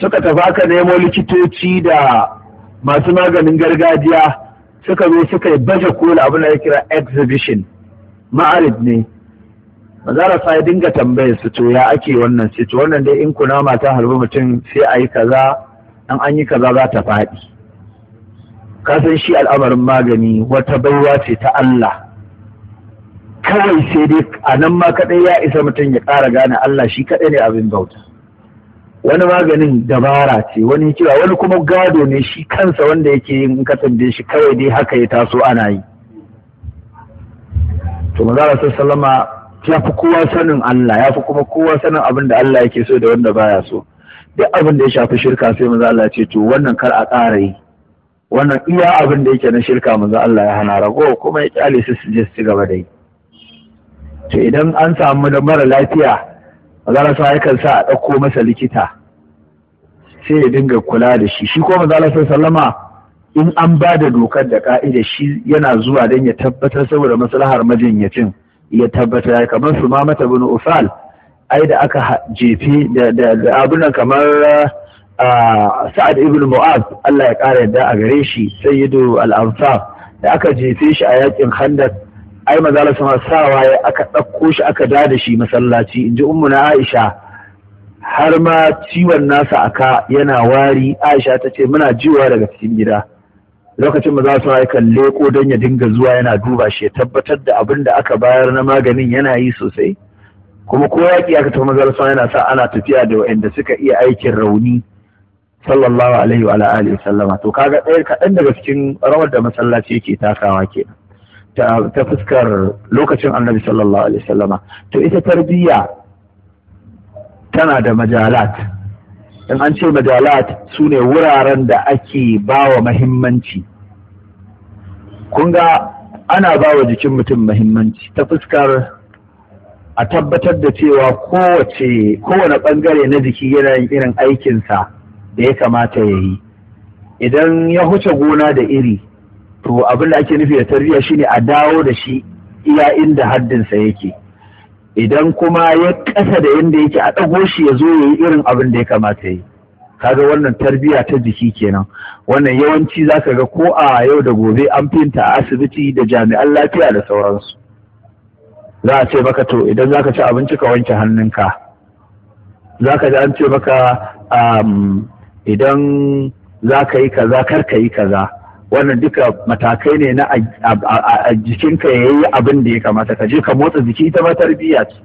suka tafi aka nemo likitoci da masu maganin gargajiya suka zo suka yi baje kola abin da ya kira exhibition ma'arid ne manzara sa ya dinga tambayar su to ya ake wannan sai to wannan dai in kunama mata halbu mutum sai a yi kaza an an yi kaza za ta faɗi ka san shi al'amarin magani wata baiwa ce ta Allah kawai sai dai a nan ma kaɗai ya isa mutum ya ƙara gane Allah shi kaɗai ne abin bauta wani maganin dabara ce wani kira wani kuma gado ne shi kansa wanda yake yin ka shi kawai dai haka ya taso ana yi to manzara sallallahu ya fi kowa sanin Allah ya fi kuma kowa sanin abin da Allah yake so da wanda baya so duk abin da ya shafi shirka sai manzo Allah ce to wannan kar a ƙara yi wannan iya abin da yake na shirka manzo Allah ya hana rago kuma ya kyale su je su gaba da yi to idan an samu da mara lafiya manzo sa yakan sa a ɗauko masa likita sai ya dinga kula da shi shi ko manzo Allah sallama in an ba da dokar da ka'ida shi yana zuwa don ya tabbatar saboda maslahar majinyacin ya tabbata kamar su mamata bin ufal ai da aka jefi da abunan kamar sa'ad ibn mu'az Allah ya ƙara yadda a gare shi sayyidu al-ansar da aka jefe shi a yakin handak ai mazala sama sawa ya aka ɗauko shi aka da da shi masallaci in ji ummuna aisha har ma ciwon nasa aka yana wari aisha ta ce muna jiwa daga cikin gida lokacin za su haika leko don ya dinga zuwa yana duba shi ya tabbatar da abin da aka bayar na maganin yana yi sosai kuma ko yaƙi aka tafi maza yana sa ana tafiya da wa'anda suka iya aikin rauni sallallahu alaihi wa alihi sallama to kaga ɗaya kaɗan daga cikin rawar da masallaci yake takawa kenan ta fuskar lokacin annabi sallallahu alaihi sallama to ita tarbiyya tana da majalat in an ce majalat su ne wuraren da ake ba wa mahimmanci kun ga ana ba wa jikin mutum mahimmanci ta fuskar a tabbatar da cewa kowace kowane ɓangare na jiki yana yin irin aikinsa da ya kamata ya yi idan ya huce gona da iri to abin da ake nufi da tarbiyya shine a dawo da shi iya inda haddinsa yake idan kuma ya kasa da yadda yake a ɗago shi ya zo ya yi irin abin da ya kamata ya yi kaga wannan tarbiyya ta jiki kenan wannan yawanci za ka ga ko a yau da gobe an finta a asibiti da jami'an lafiya da sauransu za a ce maka to idan za ka ci abinci ka wanke hannunka ka ji an ce maka um, idan za ka yi kaza kar ka yi kaza wannan duka matakai ne na a jikinka ya yi abin da ya kamata ka je ka motsa jiki ita ma tarbiyya ce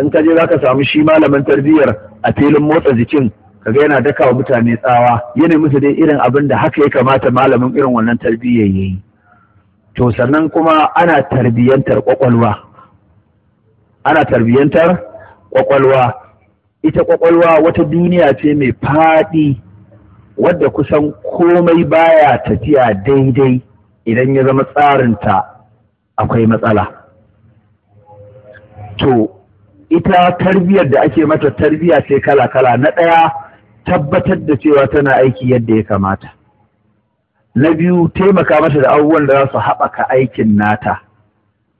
in ka je za ka samu shi malamin tarbiyyar a filin motsa jikin ka ga yana dakawa mutane tsawa yana musu dai irin abin da haka ya kamata malamin irin wannan tarbiyyar ya yi to sannan kuma ana tarbiyyantar kwakwalwa ana tarbiyyantar kwakwalwa ita kwakwalwa wata duniya ce mai faɗi wadda kusan komai baya tafiya daidai idan ya zama tsarinta akwai matsala to ita tarbiyyar da ake mata tarbiyya ce kala-kala na ɗaya tabbatar da cewa tana aiki yadda ya kamata na biyu taimaka mata da abubuwan da za su haɓaka aikin nata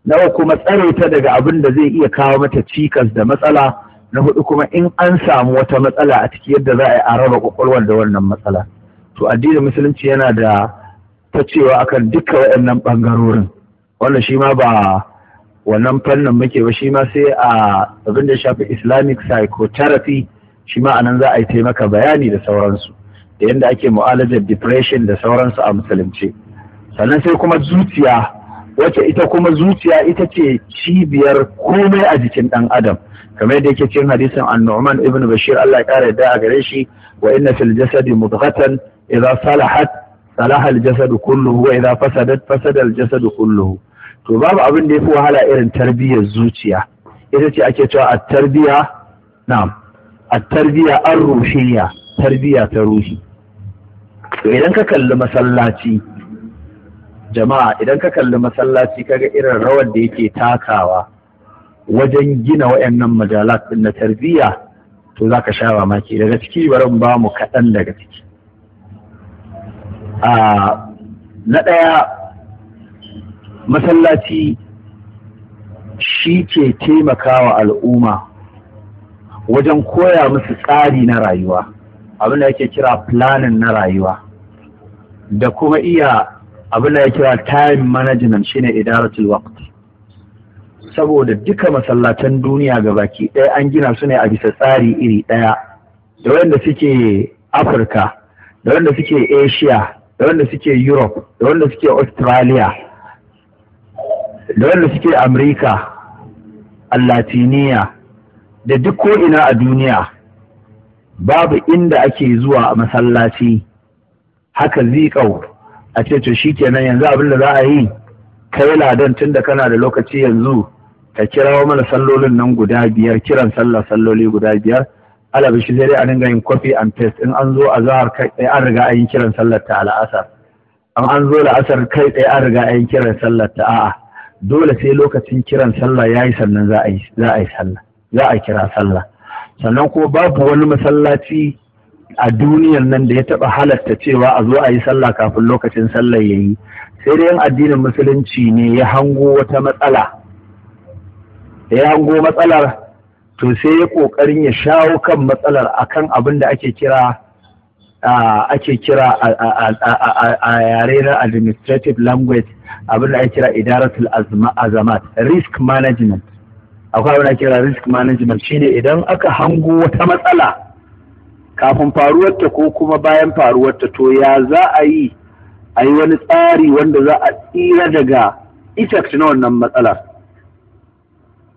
na kuma tsare ta daga abin da zai iya kawo mata cikas da matsala na hudu kuma in an samu wata matsala a ciki yadda za a yi a raba kwakwalwar da wannan matsala to addinin musulunci yana da ta cewa akan duka waɗannan ɓangarorin wannan shi ma ba wannan fannin muke ba shi ma sai a abin da shafi islamic psychotherapy shi ma anan za a yi taimaka bayani da sauransu da yadda ake mu'alajar depression da sauransu a musulunci sannan sai kuma zuciya wacce ita kuma zuciya ita ce cibiyar komai a jikin ɗan adam kamar da yake cikin hadisin annu'man ibn bashir Allah ya kare da a gare shi wa inna fil jasadi mudghatan idza salahat salaha al jasadu kulluhu wa idza fasadat fasada al jasadu kulluhu to babu abin da yafi wahala irin tarbiyyar zuciya ita ce ake cewa at tarbiya na'am at tarbiya ar ruhiyya tarbiya ta ruhi to idan ka kalli masallaci jama'a idan ka kalli masallaci kaga irin rawar da yake takawa wajen gina nan majalat na tarbiyya to za ka sha mamaki daga ciki barin ba mu kaɗan daga ciki na ɗaya masallaci shi ke taimakawa al'umma wajen koya musu tsari na rayuwa abin da yake kira planin na rayuwa da kuma iya abin da ya kira time management shine idaratul waqti. saboda duka masallatan duniya ga baki ɗaya an gina su ne a bisa tsari iri ɗaya da wanda suke afirka da wanda suke asia da wanda suke europe da wanda suke australia da wanda suke amurka Latiniya, da duk ko'ina a duniya babu inda ake zuwa a masallaci haka zikau a ce to kenan yanzu abin da za a yi kai ladan tun da kana da lokaci yanzu ka kirawo mana sallolin nan guda biyar kiran sallah salloli guda biyar alabashi sai dai a dinga yin copy and paste in an zo a zahar kai ɗaya an riga an yi kiran sallar ta al'asar an an zo la'asar kai ɗaya an riga an kiran sallar ta a'a dole sai lokacin kiran sallah yayi sannan za a yi za za a kira sallah sannan kuma babu wani masallaci a duniyar nan da ya taɓa halatta cewa a zo a yi sallah kafin lokacin sallar ya yi sai dai addinin musulunci ne ya hango wata matsala da ya hango matsalar to sai ya ƙoƙarin ya shawo kan matsalar akan abin da ake kira ake kira a yare na administrative language abin da ake kira idaratul azamat risk management akwai abin da ake kira risk management shine idan aka hango wata matsala kafin faruwarta ko kuma bayan faruwarta to ya za a yi a yi wani tsari wanda za a tsira daga effect na wannan matsalar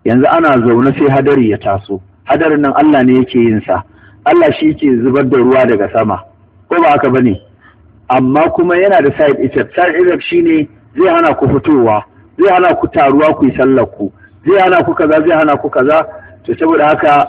yanzu ana zaune sai hadari ya taso hadarin nan Allah ne yake yin sa Allah shi ke zubar da ruwa daga sama ko ba haka bane amma kuma yana da side effect side effect shine zai hana ku fitowa zai hana ku taruwa ku yi sallar ku zai hana ku kaza zai hana ku kaza to saboda haka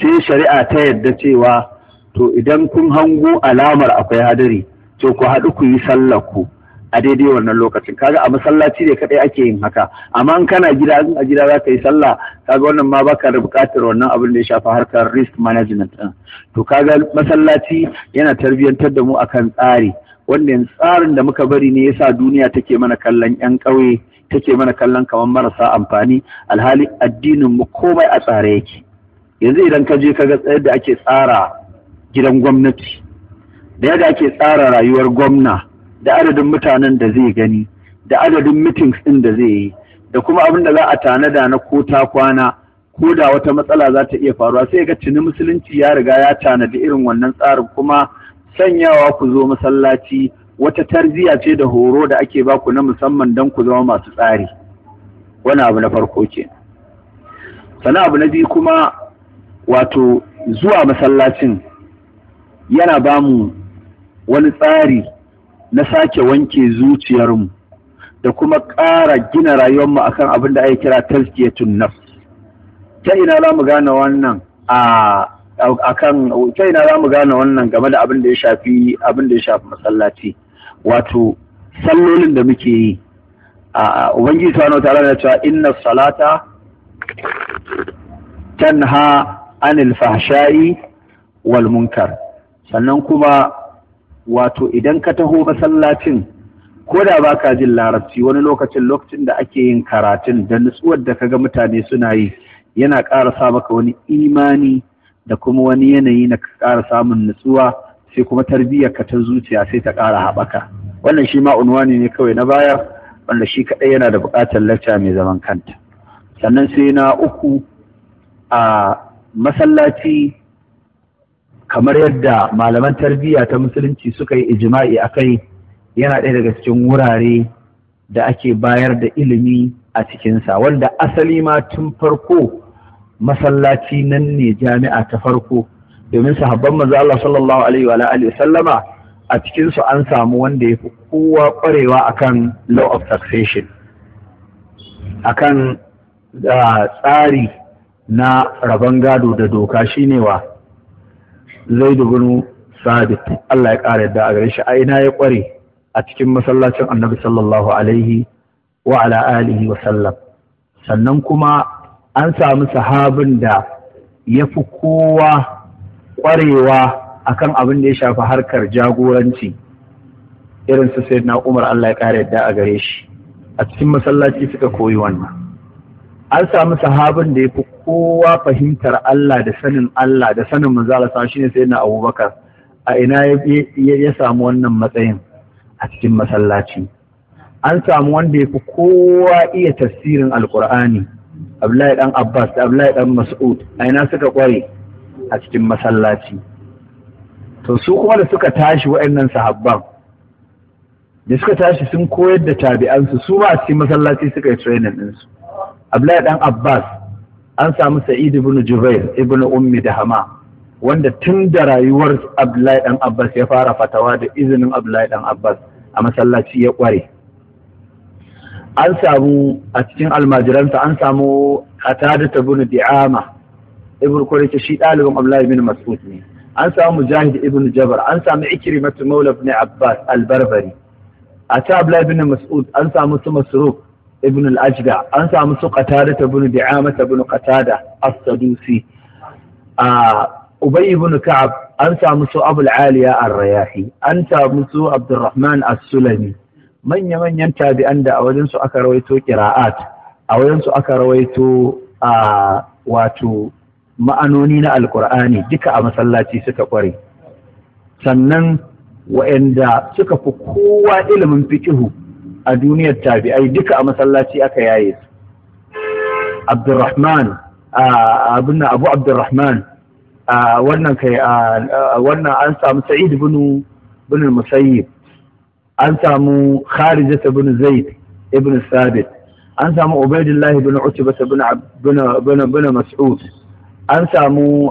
sai shari'a ta yadda cewa to idan kun hango alamar akwai hadari to ku haɗu ku yi sallar ku a daidai wannan lokacin kaga a masallaci ne kadai ake yin haka amma in kana gida a gida za ka yi sallah kaga wannan ma baka da buƙatar wannan abin da ya shafa harkar risk management din to kaga masallaci yana tarbiyantar da mu akan tsari wannan tsarin da muka bari ne yasa duniya take mana kallon yan kauye take mana kallon kamar marasa amfani alhali addinin mu komai a tsare yake yanzu idan ka je kaga tsayar da ake tsara gidan gwamnati da yadda ake tsara rayuwar gwamna da adadin mutanen da zai gani da adadin meetings ɗin da zai yi da kuma abin da za a tanada na ko ta kwana ko da wata matsala za ta iya faruwa sai ga cini musulunci ya riga ya tanadi irin wannan tsarin kuma sanyawa ku zo masallaci wata tarziya ce da horo da ake baku na musamman don ku zama masu tsari wani abu na farko ke sana abu na biyu kuma wato zuwa masallacin yana bamu wani tsari na sake wanke zuciyarmu da kuma ƙara gina rayuwarmu kan abin da ake kira tazkiyatun nafs ta ina za mu gane wannan a akan ta ina za mu gane wannan game da abin da ya shafi abin da ya shafi masallaci wato sallolin da muke yi a ubangiji subhanahu tare da cewa inna salata tanha anil fahsha'i wal munkar sannan kuma wato idan ka taho masallacin ko da ba ka jin larabci wani lokacin lokacin da ake yin karatun da nutsuwar da kaga mutane suna yi yana ƙara sa maka wani imani da kuma wani yanayi na ƙara samun nutsuwa sai kuma tarbiyyar ka ta zuciya sai ta ƙara haɓaka wannan shi ma unwani ne kawai na baya wanda shi kaɗai yana da buƙatar lacca mai zaman kanta sannan sai na uku a masallaci kamar yadda malaman tarbiyya ta musulunci suka yi ijma'i a kai yana ɗaya daga cikin wurare da ake bayar da ilimi a cikinsa wanda asali ma tun farko masallaci nan ne jami'a ta farko domin sahabban manzo Allah sallallahu alaihi wa alihi sallama a cikin su an samu wanda yafi kowa kwarewa akan law of Succession. akan ah, tsari na rabon gado da doka shine wa Zaidu ibn sabit Allah ya ƙara yadda a gare shi a ina ya ƙware a cikin masallacin annabi sallallahu alaihi wa ala alihi wa sallam sannan kuma an samu sahabin da ya fi kowa ƙwarewa akan abin da ya shafi harkar jagoranci irin su sai na Umar Allah ya ƙara yadda a gare shi a cikin masallaci suka koyi wannan an samu sahabin da ya fi kowa fahimtar Allah da sanin Allah da sanin manzala sa shine sai na abubakar a ina ya samu wannan matsayin a cikin masallaci an samu wanda ya fi kowa iya tafsirin alkur'ani abdullahi dan abbas da abdullahi dan mas'ud a ina suka kware a cikin masallaci to su kuma da suka tashi wa'annan sahabban da suka tashi sun koyar da tabi'ansu su ba a cikin masallaci suka yi training ɗinsu Abdullahi dan Abbas an samu Sa'id ibn Jubair ibn Ummi da Hama wanda tun da rayuwar Abdullahi dan Abbas ya fara fatawa da izinin Abdullahi dan Abbas a masallaci ya kware an samu a cikin almajiranta, an samu Qatada ibn Di'ama ibn Quraysh shi ɗalibin Abdullahi ibn Mas'ud ne an samu Mujahid ibn Jabr an samu Ikrimatu Mawla ibn Abbas al-Barbari a ta Abdullahi ibn Mas'ud an samu su Masruq ibn al-ajda an samu su qatada ibn di'ama ibn qatada as-sadusi a ubay ibn ka'ab an samu su abul aliya ar an samu su abdurrahman as-sulami manya manyan tabi'an da a wajen su aka rawaito qira'at a wajen su aka rawaito a wato ma'anoni na alkur'ani duka a masallaci suka kware sannan wa'anda suka fi kowa ilimin fikihu a duniyar tabi'ai duka a masallaci aka yaye su abdurrahman abin abu abdurrahman wannan kai wannan an samu sa'id bin bin musayyib an samu kharijat bin zaid ibn sabit an samu ubaidullahi bin utba bin bin mas'ud an samu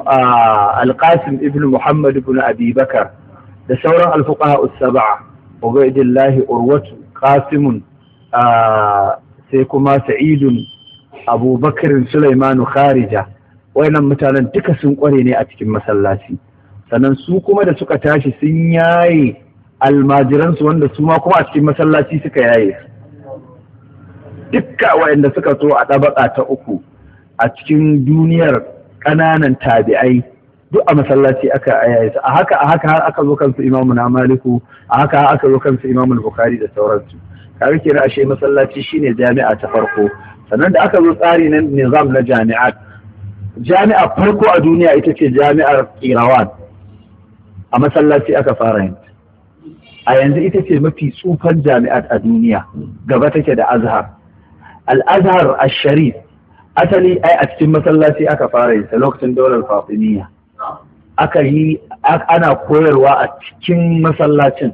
alqasim ibn muhammad ibn abi bakar da sauran alfuqa saba ubaidulahi urwatu Kasimu, sai kuma sa'idun abubakar sulaimanu kharija nan mutanen duka sun kware ne a cikin masallaci sannan su kuma da suka tashi sun yaye almajiransu wanda su ma kuma a cikin masallaci suka yaye dukka waɗanda suka so a ɗabaka ta uku a cikin duniyar ƙananan tabi'ai duk a masallaci aka ayaye a haka a haka har aka zo kansu imamu na maliku a haka har aka zo kansu imamu bukhari da sauransu kaga kenan ashe masallaci shine jami'a ta farko sannan da aka zo tsari na nizam na jami'a jami'a farko a duniya ita ce jami'ar qirawan a masallaci aka fara yin a yanzu ita ce mafi tsufan jami'a a duniya gaba take da azhar al-azhar asharif asali ai a cikin masallaci aka fara yin lokacin daular fatimiyya aka yi ana koyarwa a cikin masallacin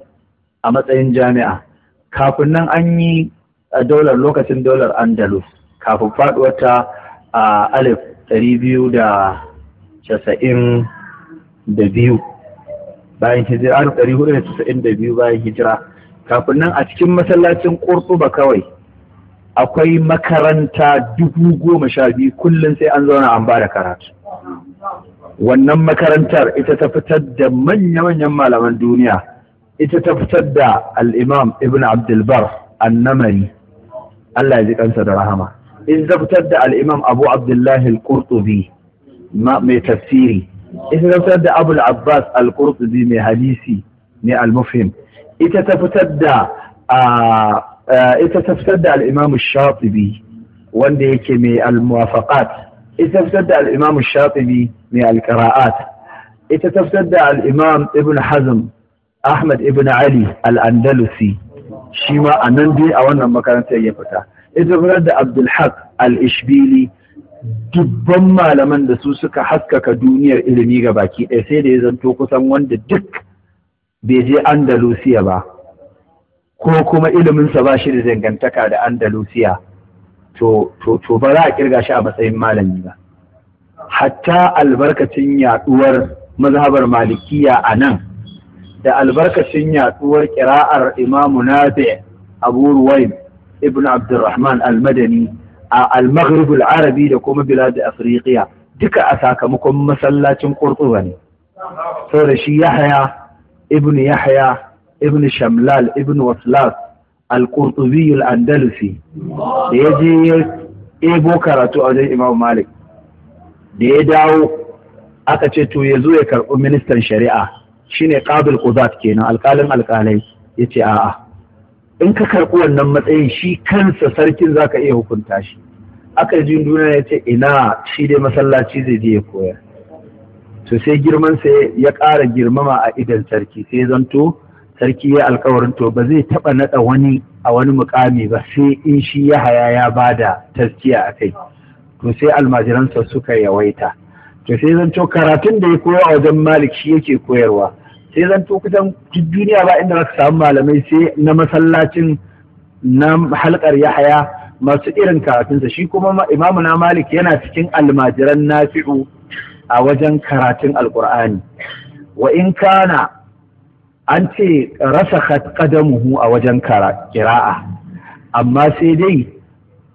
a matsayin jami'a kafin nan an yi dolar lokacin dolar andalus kafin faduwar ta a alif ɗari biyu da casa'in da biyu bayan hijira alif ɗari hudu da casa'in da biyu bayan hijira kafin nan a cikin masallacin ba kawai akwai makaranta dubu goma sha biyu kullum sai an zauna an ba da karatu wannan makarantar ita ta fitar da manya-manyan malaman duniya ita ta fitar da al'imam ibn abdulbar annamari Allah ya ji kansa da rahama in ta fitar da al'imam abu abdullahi al kurtubi mai tafsiri ita ta fitar da abul abbas al kurtubi mai hadisi mai al-mufhim ita ta fitar da ita ta fitar da al-imam shatibi wanda yake mai al-muwafaqat ita fitar da al'imam mai alƙara'at ita ta da al'imam ibn hazm ahmad ibn ali al'andalusi shi ma a nan dai a wannan makarantar ya fita ita fitar da abdulhaq al-ishbili dubban malaman da su suka haskaka duniyar ilimi ga baki ɗaya sai da ya zanto kusan wanda duk bai je andalusiya ba ko kuma iliminsa ba shi da dangantaka da andalusiya to to ba za a kirga shi a matsayin malami ba hatta albarkacin yaduwar mazhabar malikiya a nan da albarkacin yaduwar kira'ar imamu nafi abu ruwaim ibn abdurrahman al-madani a al al-arabi da kuma bilad afriqiya duka a sakamakon masallacin qurtuba ne saboda shi yahya ibn yahya ibn shamlal ibn waslas al al-andalusi da ya je ya ebo karatu a wajen imam malik da ya dawo aka ce to ya zo ya karɓi ministan shari'a shine qabil quzat kenan alƙalin alƙalai yace a'a in ka karɓi wannan matsayin shi kansa sarkin zaka iya hukunta shi aka ji duniya ya ce ina shi dai masallaci zai je ya koyar to sai girman sa ya ƙara girmama a idan sarki sai zanto sarki ya alkawarin to ba zai taɓa naɗa wani a wani mukami ba sai in shi ya haya ya bada taskiya a kai to sai almajiransa suka yawaita to sai zanto karatun da ya koya a wajen malik shi yake koyarwa sai zanto kusan duniya ba inda zaka samu malamai sai na masallacin na halkar ya haya masu irin karatunsa shi kuma imamu na malik yana cikin almajiran nafi'u a wajen karatun alkur'ani wa in kana an ce rasa qadamuhu a wajen kira'a amma sai dai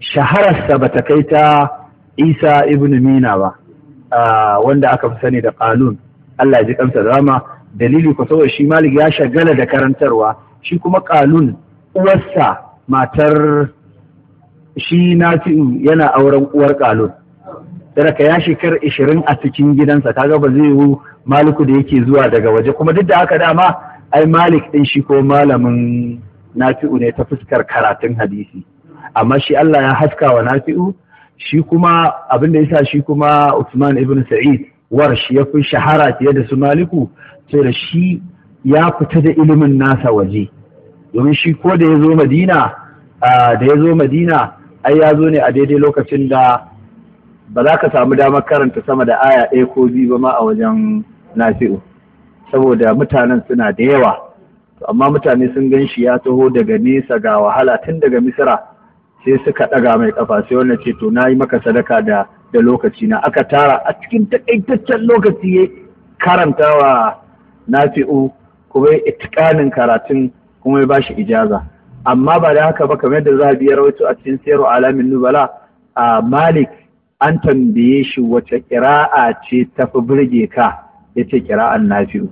shahararsa ba ta kai ta isa ibn mina ba wanda aka fi sani da ƙalun. Allah ji kansa rama dalili ku saboda shi malik ya shagala da karantarwa shi kuma ƙalun uwarsa matar shi nafi'u yana auren uwar ƙalun. ka ya shekar ishirin a cikin gidansa kaga ba zai yiwu maliku da yake zuwa daga waje kuma duk da haka dama ai malik din shi ko malamin nafi'u ne ta fuskar karatun hadisi amma shi Allah ya haska wa nafi'u shi kuma abin yasa shi kuma Usman ibn Sa'id war shi ya fi shahara fiye da su Maliku sai da shi ya fita da ilimin nasa waje domin shi ko da ya zo Madina da ya zo Madina ai ya zo ne a daidai lokacin da ba za ka samu damar karanta sama da aya ɗaya ko biyu ba ma a wajen nafi'u saboda mutanen suna da yawa amma mutane sun gan shi ya taho daga nesa ga wahala tun daga misira sai suka ɗaga mai ƙafa sai wannan ce to na yi maka sadaka da da lokaci na aka tara a cikin takaitaccen lokaci ya karantawa nafi'u kuma ya itikanin karatun kuma ya bashi ijaza amma ba da haka ba kamar da a biyar wato a cikin sayarwa alamin nubala a malik an tambaye shi wace ƙira'a ce ta fi burge ka Ya ce qira'an nafi'u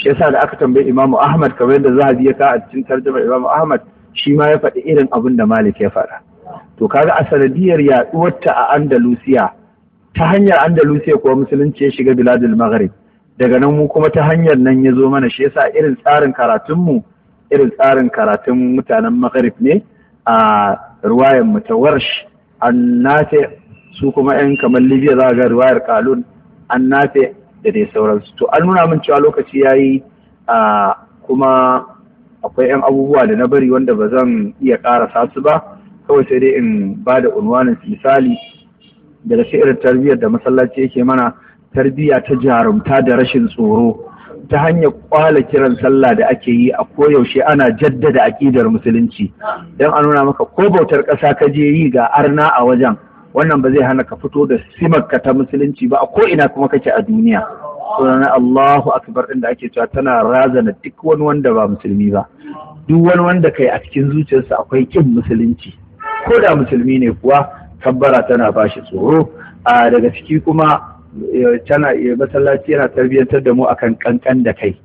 shi yasa da aka tambayi Imam Ahmad kamar yadda Zahabi biya ka a cikin tarjumar Imam Ahmad shi ma ya faɗi irin abin da Malik ya faɗa to kaga a sanadiyar Yaɗuwar ta a Andalusiya ta hanyar Andalusiya kuwa musulunci ya shiga biladul Maghrib daga nan mu kuma ta hanyar nan ya zo mana shi yasa irin tsarin karatunmu irin tsarin karatun mutanen Maghrib ne a ruwayan mu ta Warsh an nafe su kuma 'yan kamar Libya za ga ruwayar Kalun an nafe da dai sauransu to an nuna min cewa lokaci ya yi kuma akwai 'yan abubuwa da na bari wanda ba zan iya ƙarasa su ba kawai sai dai in ba da unwanin misali daga shi irin tarbiyyar da masallaci yake mana tarbiyya ta jarumta da rashin tsoro ta hanyar kwala kiran sallah da ake yi a koyaushe ana jaddada aƙidar musulunci don a nuna maka ko bautar ƙasa ka je yi ga arna a wajen wannan ba zai hana ka fito da ka ta musulunci ba a ko ina kuma kake a duniya sunan Allahu akbar inda ake cewa tana razana duk wani wanda ba musulmi ba duk wani wanda kai a cikin zuciyarsa akwai kin musulunci ko da musulmi ne kuwa kabbara tana bashi tsoro a daga ciki kuma tana masallaci yana tarbiyyantar da mu akan kankan da kai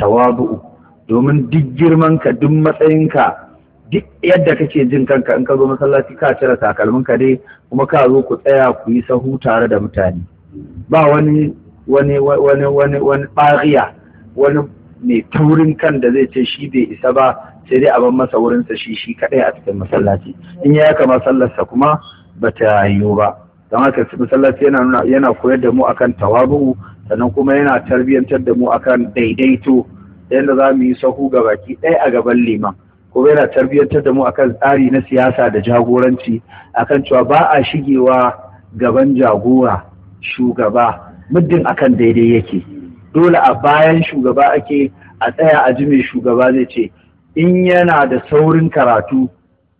tawabu'u domin duk ka duk matsayinka duk yadda kake jin kanka in ka zo masallaci ka cire takalmin ka dai kuma ka zo ku tsaya ku yi sahu tare da mutane ba wani wani wani wani wani bariya wani mai taurin kan da zai ce shi bai isa ba sai dai a masa masa wurinsa shi shi kadai a cikin masallaci in ya yaka sallarsa kuma bata yiwu ba don haka masallaci yana yana koyar da mu akan tawabu sannan kuma yana tarbiyyantar da mu akan daidaito yadda za mu yi sahu ga baki ɗaya a gaban liman kuma yana tarbiyyantar da mu akan tsari na siyasa da jagoranci akan cewa ba a shigewa gaban jagora shugaba muddin akan daidai yake dole a bayan shugaba ake a tsaya a ji mai shugaba zai ce in yana da saurin karatu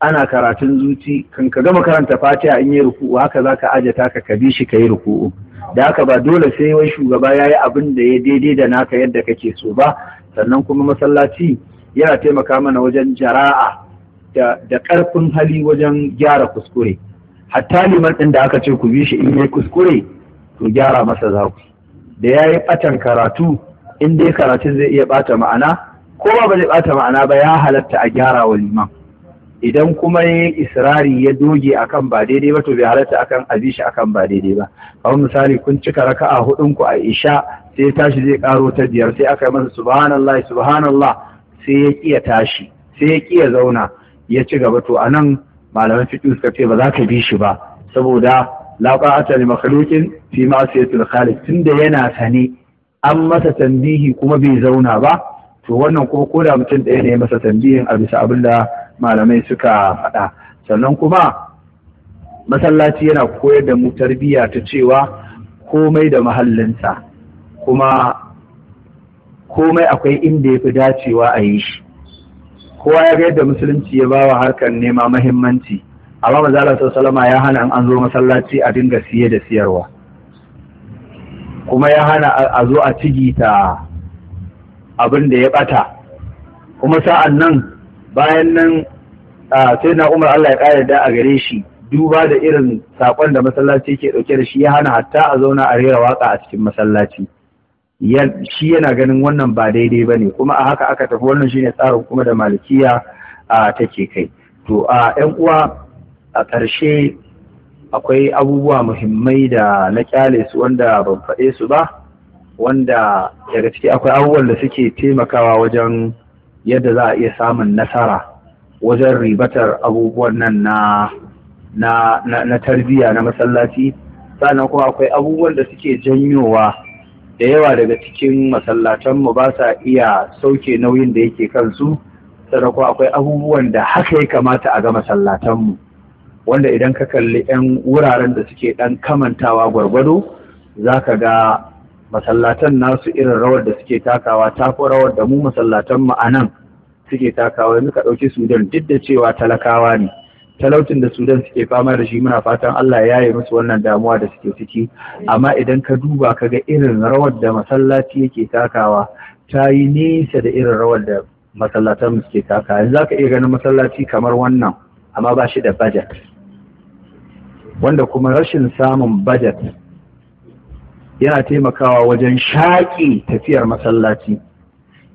ana karatun zuci kan ka gama karanta fatiha in yi ruku'u haka za ka ajata ka ka bi shi ka yi ruku'u da haka ba dole sai wai shugaba ya yi abin da ya daidai da naka yadda kake so ba sannan kuma masallaci yana taimaka mana wajen jara'a da ƙarfin hali wajen gyara kuskure hatta liman ɗin da aka ce ku bi shi in yi kuskure to gyara masa za ku da ya yi ɓatan karatu in dai karatun zai iya ɓata ma'ana ko ba ba zai ɓata ma'ana ba ya halatta a gyara wa liman idan kuma ya yi israri ya doge akan ba daidai ba to bai halatta akan a bi shi akan ba daidai ba kamar misali kun cika raka'a hudun ku a isha sai tashi zai karo ta biyar sai aka yi masa subhanallah subhanallah sai ya kiya tashi sai ya kiya zauna ya ci gaba to anan malaman fiƙi suka ce ba za ka bi shi ba saboda laƙa qa'ata li makalokin fi ma'siyatil tun tunda yana sane an masa tambihi kuma bai zauna ba to wannan kuma ko da mutum ɗaya ne masa tambihin a bisa abin da malamai suka faɗa sannan kuma masallaci yana koyar da mu tarbiyya ta cewa komai da mahallinsa kuma komai akwai inda ya fi dacewa a yi shi kowa ya ga yadda musulunci ya bawa harkar nema mahimmanci amma manzo salama ya hana an zo masallaci a dinga siye da siyarwa kuma ya hana a zo a cigita abin da ya bata kuma sa'an nan bayan nan sai na umar Allah ya ƙara da a gare shi duba da irin saƙon da masallaci ke ɗauke da shi ya hana hatta a zauna a rera waƙa a cikin masallaci shi yana ganin wannan ba daidai ba ne kuma a haka aka tafi wannan shine tsarin kuma da malikiya a take kai to a yan uwa a ƙarshe akwai abubuwa muhimmai da na kyale su wanda ban faɗe su ba wanda daga ciki akwai abubuwan da suke taimakawa wajen yadda za a iya samun nasara wajen ribatar abubuwan nan na na, na, na tarbiyya na masallaci sannan kuma akwai abubuwan da suke janyowa da yawa daga cikin masallatanmu ba sa iya sauke nauyin da yake kansu ko akwai abubuwan da haka ya kamata a ga masallatanmu wanda idan ka kalli 'yan wuraren da suke ɗan kamantawa gwargwado za ka ga masallatan nasu irin rawar da suke takawa ta fi rawar da mu masallatanmu a nan suke takawa yanzu ka ɗauki sudan duk da cewa talakawa ne Talautin da Sudan suke fama da shi muna fatan Allah ya yi musu wannan damuwa da suke ciki amma idan ka duba ka ga irin rawar da masallaci yake takawa ta yi nesa da irin rawar da masallatan suke takawa yanzu zaka iya ganin masallaci kamar wannan amma ba shi da budget wanda kuma rashin samun budget yana taimakawa wajen shaƙi tafiyar masallaci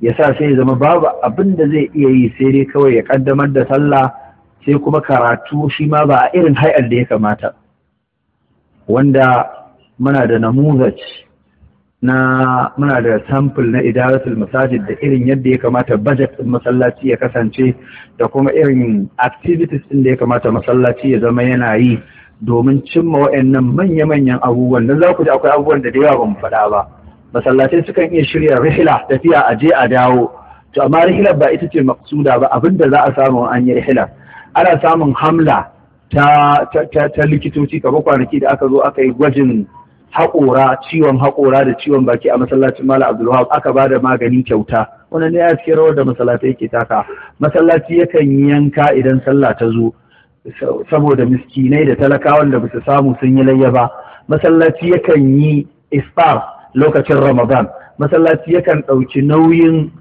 ya sa sai zama babu abin da zai iya yi sai dai kawai ya ƙaddamar da sallah sai kuma karatu shi ma ba a irin hai'ar da ya kamata wanda muna da namuzaj na muna da sample na idaratul masajid da irin yadda ya kamata budget din masallaci ya kasance da kuma irin activities din da ya kamata masallaci ya zama yana yi domin cimma waɗannan manya-manyan abubuwan da za ku ji akwai abubuwan da da ba mu faɗa ba masallatai sukan iya shirya rihila tafiya a je a dawo to amma rihilar ba ita ce maksuda ba abinda za a samu an yi rihilar ana samun hamla ta likitoci kamar kwanaki da aka zo aka yi gwajin haƙora ciwon haƙora da ciwon baki a masallacin mala abdulwahab aka ba da magani kyauta wannan ne ya cikin rawar da masallatai ke taka masallaci yakan yanka idan sallah ta zo saboda miskinai da talakawan da basu samu sun yi layya ba masallaci yakan yi ispar lokacin ramadan masallaci yakan ɗauki nauyin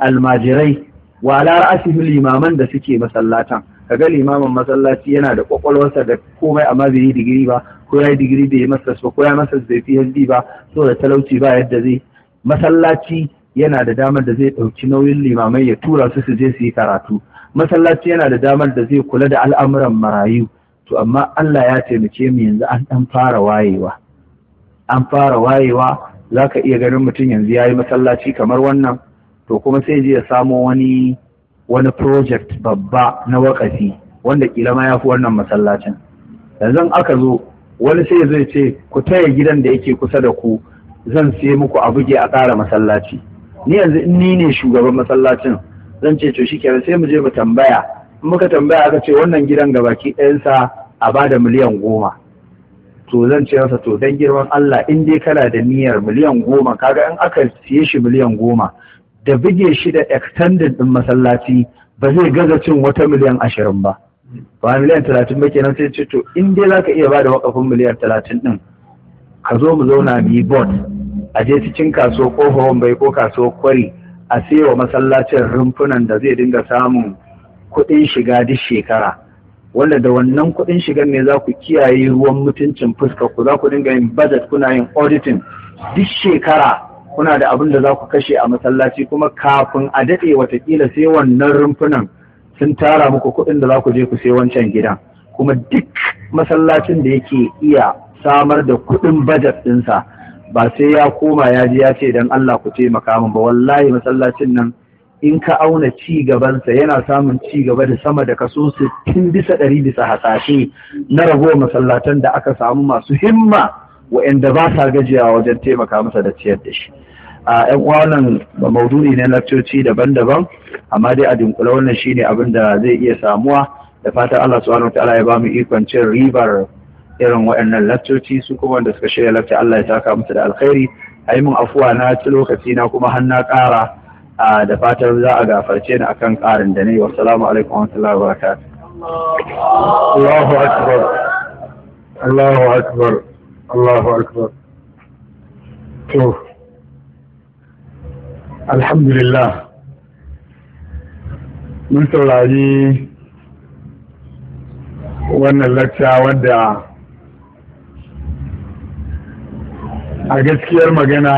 almajirai wa ala limaman da suke masallatan ka ga limamin masallaci yana da kwakwalwarsa da komai amma bai yi digiri ba ko ya yi digiri bai yi ba, ko ya masa bai PhD ba so da talauci ba yadda zai masallaci yana da damar da zai ɗauki nauyin limamai ya tura su su je su yi karatu masallaci yana da damar da zai kula da al'amuran marayu to amma Allah ya taimake mu yanzu an dan fara wayewa an fara wayewa za ka iya ganin mutum yanzu ya yi masallaci kamar wannan to kuma sai ya samo wani wani project babba na wakafi wanda kila ma ya fi wannan masallacin yanzu aka zo wani sai zai ce ku taya gidan da yake kusa da ku zan sai muku a buge a ƙara masallaci ni yanzu in ni ne shugaban masallacin zan ce to shikenan sai mu je mu tambaya in muka tambaya aka ce wannan gidan gabaki ɗayansa a bada miliyan goma to zan ce masa to dan girman Allah in dai kana da niyyar miliyan goma kaga in aka siye shi miliyan goma da buge shi da extended ɗin masallaci ba zai gaza cin wata miliyan ashirin ba ba miliyan talatin ba kenan sai ce to in dai za ka iya ba da wakafin miliyan talatin din, ka zo mu zauna mu yi bot a je cikin kaso ko bai ko kaso kwari a wa masallacin rumfunan da zai dinga samun kuɗin shiga duk shekara wanda da wannan kuɗin shigan ne za ku kiyaye ruwan mutuncin fuskar ku za ku dinga yin budget kuna yin auditing duk shekara kuna da abin da za ku kashe a masallaci kuma kafin a daɗe watakila sai wannan rumfunan sun tara muku kuɗin da za ku je ku sai wancan gidan kuma duk masallacin da yake iya samar da kuɗin bajet ɗinsa ba sai ya koma ya ji ya ce don Allah ku taimaka min ba wallahi masallacin nan in ka auna ci gabansa yana samun ci gaba da sama da kaso sittin bisa ɗari bisa hasashe na ragowar masallatan da aka samu masu himma Wa'inda ba sa gajiya wajen taimaka masa da ciyar da shi a yan uwa ba maudu'i na lakcoci daban-daban amma dai a dinkula wannan shine abin da zai iya samuwa da fatan Allah subhanahu wataala ya ba mu ikon cin ribar irin waannan lakcoci su kuma wanda suka shirya lakta Allah ya taka musu da alkhairi a yi min afuwa na ci lokaci na kuma har na ƙara da fatan za a gafarce ni akan ƙarin da ne wassalamu alaikum wa Allahu akbar Allahu akbar to alhamdulillah mun saurari wannan lacca wadda a gaskiyar magana